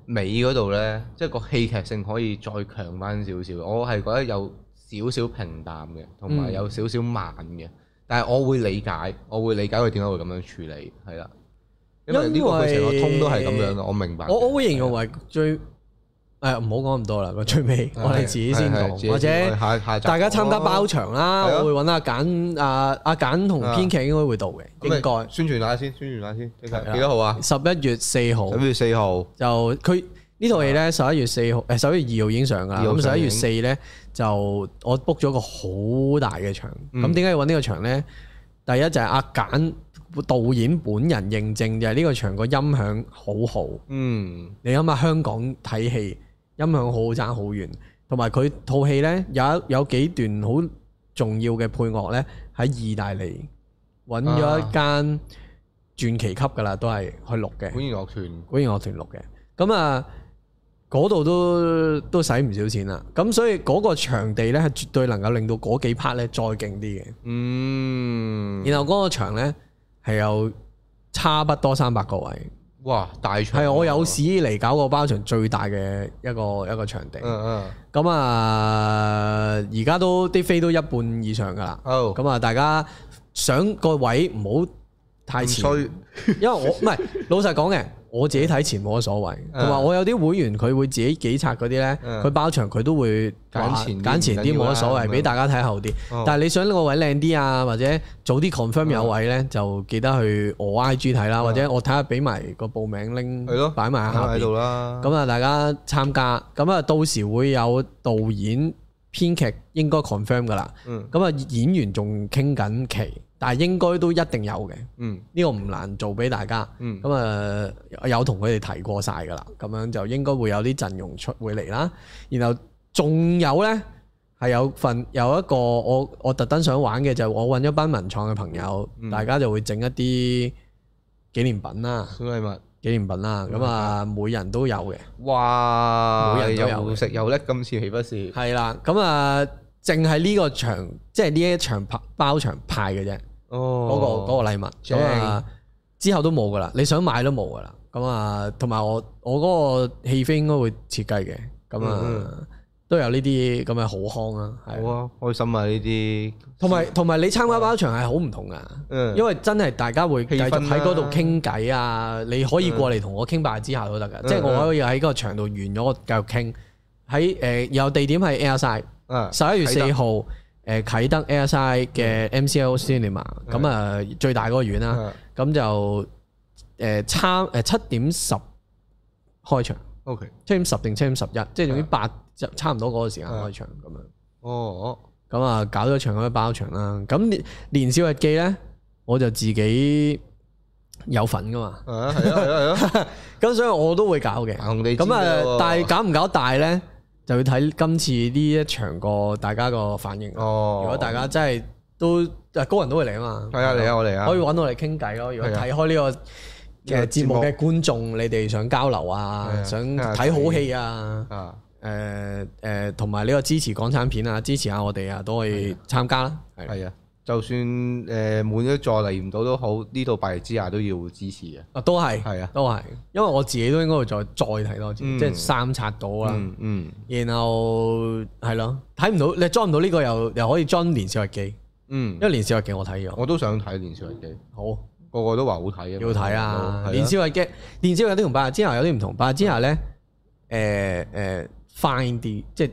尾嗰度咧，即係個戲劇性可以再強翻少少。我係覺得有少少平淡嘅，同埋有少少慢嘅。但係我會理解，我會理解佢點解會咁樣處理，係啦。因為呢個佢成個通都係咁樣嘅，我明白。我會形容為最。誒，唔好講咁多啦，最尾我哋自己先講，或者大家參加包場啦，我會揾阿簡、阿阿簡同編劇應該會到嘅。應該宣傳下先，宣傳下先，幾多號啊？十一月四號，十一月四號就佢呢套戲咧，十一月四號。誒，十一月二號已經上噶啦，咁十一月四咧就我 book 咗個好大嘅場，咁點解要揾呢個場咧？第一就係阿簡導演本人認證就係呢個場個音響好好，嗯，你諗下香港睇戲。音響好差，好遠，同埋佢套戲咧有一有幾段好重要嘅配樂咧，喺意大利揾咗一間傳奇級嘅啦，都係去錄嘅管弦樂團，管弦樂團錄嘅。咁啊，嗰度都都使唔少錢啦。咁所以嗰個場地咧係絕對能夠令到嗰幾 part 咧再勁啲嘅。嗯，然後嗰個場咧係有差不多三百個位。哇！大場係，啊，我有史以嚟搞過包場最大嘅一個一個場地。嗯嗯。咁，嗯、啊，而家都啲飛都一半以上㗎啦。咁，哦、啊，大家想個位唔好太前，因為我唔係老實講嘅，我自己睇前冇乜所謂。同埋我有啲會員佢會自己幾拆嗰啲咧，佢包場佢都會揀前啲冇乜所謂，俾大家睇後啲。但係你想呢個位靚啲啊，或者早啲 confirm 有位咧，就記得去我 IG 睇啦，或者我睇下俾埋個報名 link 係咯，擺埋喺下邊度啦。咁啊，大家參加，咁啊，到時會有導演。編劇應該 confirm 噶啦，咁啊、嗯、演員仲傾緊期，但係應該都一定有嘅，呢、嗯、個唔難做俾大家。咁啊、嗯、有同佢哋提過晒㗎啦，咁樣就應該會有啲陣容出會嚟啦。然後仲有呢，係有份有一個我我特登想玩嘅就係、我揾一班文創嘅朋友，嗯、大家就會整一啲紀念品啦，嗯嗯嗯嗯嗯嗯嗯紀念品啦，咁啊、嗯、每人都有嘅。哇！每人都有食有叻。今次豈不是？係啦，咁、嗯、啊，淨係呢個場，即係呢一場派包場派嘅啫。哦，嗰個嗰個禮物，咁啊棒之後都冇噶啦，你想買都冇噶啦。咁啊，同埋我我嗰個戲飛應該會設計嘅。咁、嗯、啊。嗯嗯都有呢啲咁嘅好康啊！好啊，開心啊！呢啲同埋同埋你參加包場係好唔同噶，因為真係大家會繼續喺嗰度傾偈啊！你可以過嚟同我傾白日之下都得噶，即係我可以喺嗰個場度完咗，我繼續傾。喺誒又地點係 Airside，十一月四號誒啟德 Airside 嘅 MCL Cinema 咁啊最大嗰個院啦，咁就誒參誒七點十開場。O K，七點十定七點十一，即係總之八就差唔多嗰個時間開場咁樣。哦，咁啊，搞咗場可以包場啦。咁年少日記咧，我就自己有份噶嘛。啊，係啊，係啊。咁所以我都會搞嘅。咁啊，但係搞唔搞大咧，就要睇今次呢一場個大家個反應。哦。如果大家真係都高人都會嚟啊嘛。係啊，嚟啊，我嚟啊。可以搵我嚟傾偈咯。如果睇開呢個。嘅節目嘅觀眾，你哋想交流啊，想睇好戲啊，誒誒，同埋呢個支持港產片啊，支持下我哋啊，都可以參加啦。係啊，就算誒滿咗座嚟唔到都好，呢度白日之下都要支持嘅。啊，都係，係啊，都係，因為我自己都應該會再再睇多次，即係三刷到啊。嗯，然後係咯，睇唔到你裝唔到呢個又又可以裝《年少日記》。嗯，因為《年少日記》我睇咗，我都想睇《年少日記》。好。個個都話好睇啊！要睇啊！年少日記嘅年少日記有啲同《白日之下》有啲唔同，《白日之下》咧，誒誒，fine 啲，即係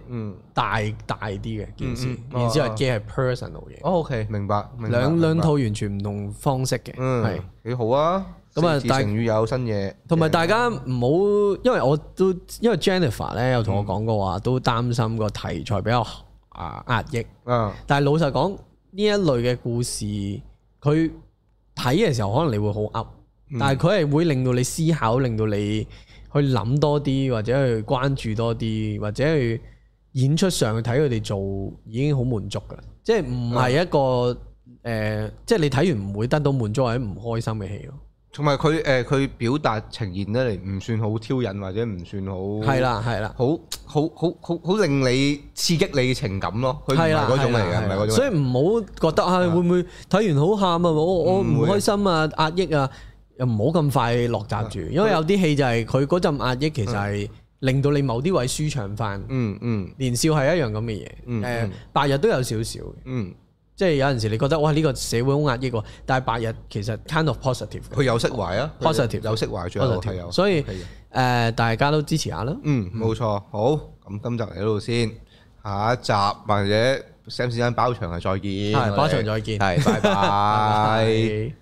大大啲嘅件事。年少日記係 personal 嘢。哦，OK，明白。兩兩套完全唔同方式嘅，係幾好啊！咁啊，情成語有新嘢，同埋大家唔好，因為我都因為 Jennifer 咧有同我講過話，都擔心個題材比較啊壓抑。嗯。但係老實講，呢一類嘅故事，佢。睇嘅時候可能你會好噏，但係佢係會令到你思考，令到你去諗多啲，或者去關注多啲，或者去演出上去睇佢哋做已經好滿足噶，即係唔係一個誒 Okay.、呃，即係你睇完唔會得到滿足或者唔開心嘅戲咯。同埋佢誒佢表達呈現得嚟唔算好挑釁，或者唔算好係啦係啦好好好好好令你刺激你嘅情感咯，佢唔係嗰種嚟嘅，唔係嗰種。所以唔好覺得啊，會唔會睇完好喊啊？我我唔開心啊，壓抑啊，又唔好咁快落閘住，因為有啲戲就係佢嗰陣壓抑，其實係令到你某啲位舒暢返。嗯嗯，年少係一樣咁嘅嘢。誒，白日都有少少嗯。即係有陣時你覺得哇呢、呢個社會好壓抑，這、喎、個，但係白日其實 kind of positive，佢有釋懷啊，oh，positive 最有釋懷咗，所以誒 okay.、呃、大家都支持下啦。嗯，冇錯，好，咁今集嚟到先，下一集或者 Sam 先生包場啊，再見，包場再見，係，拜拜。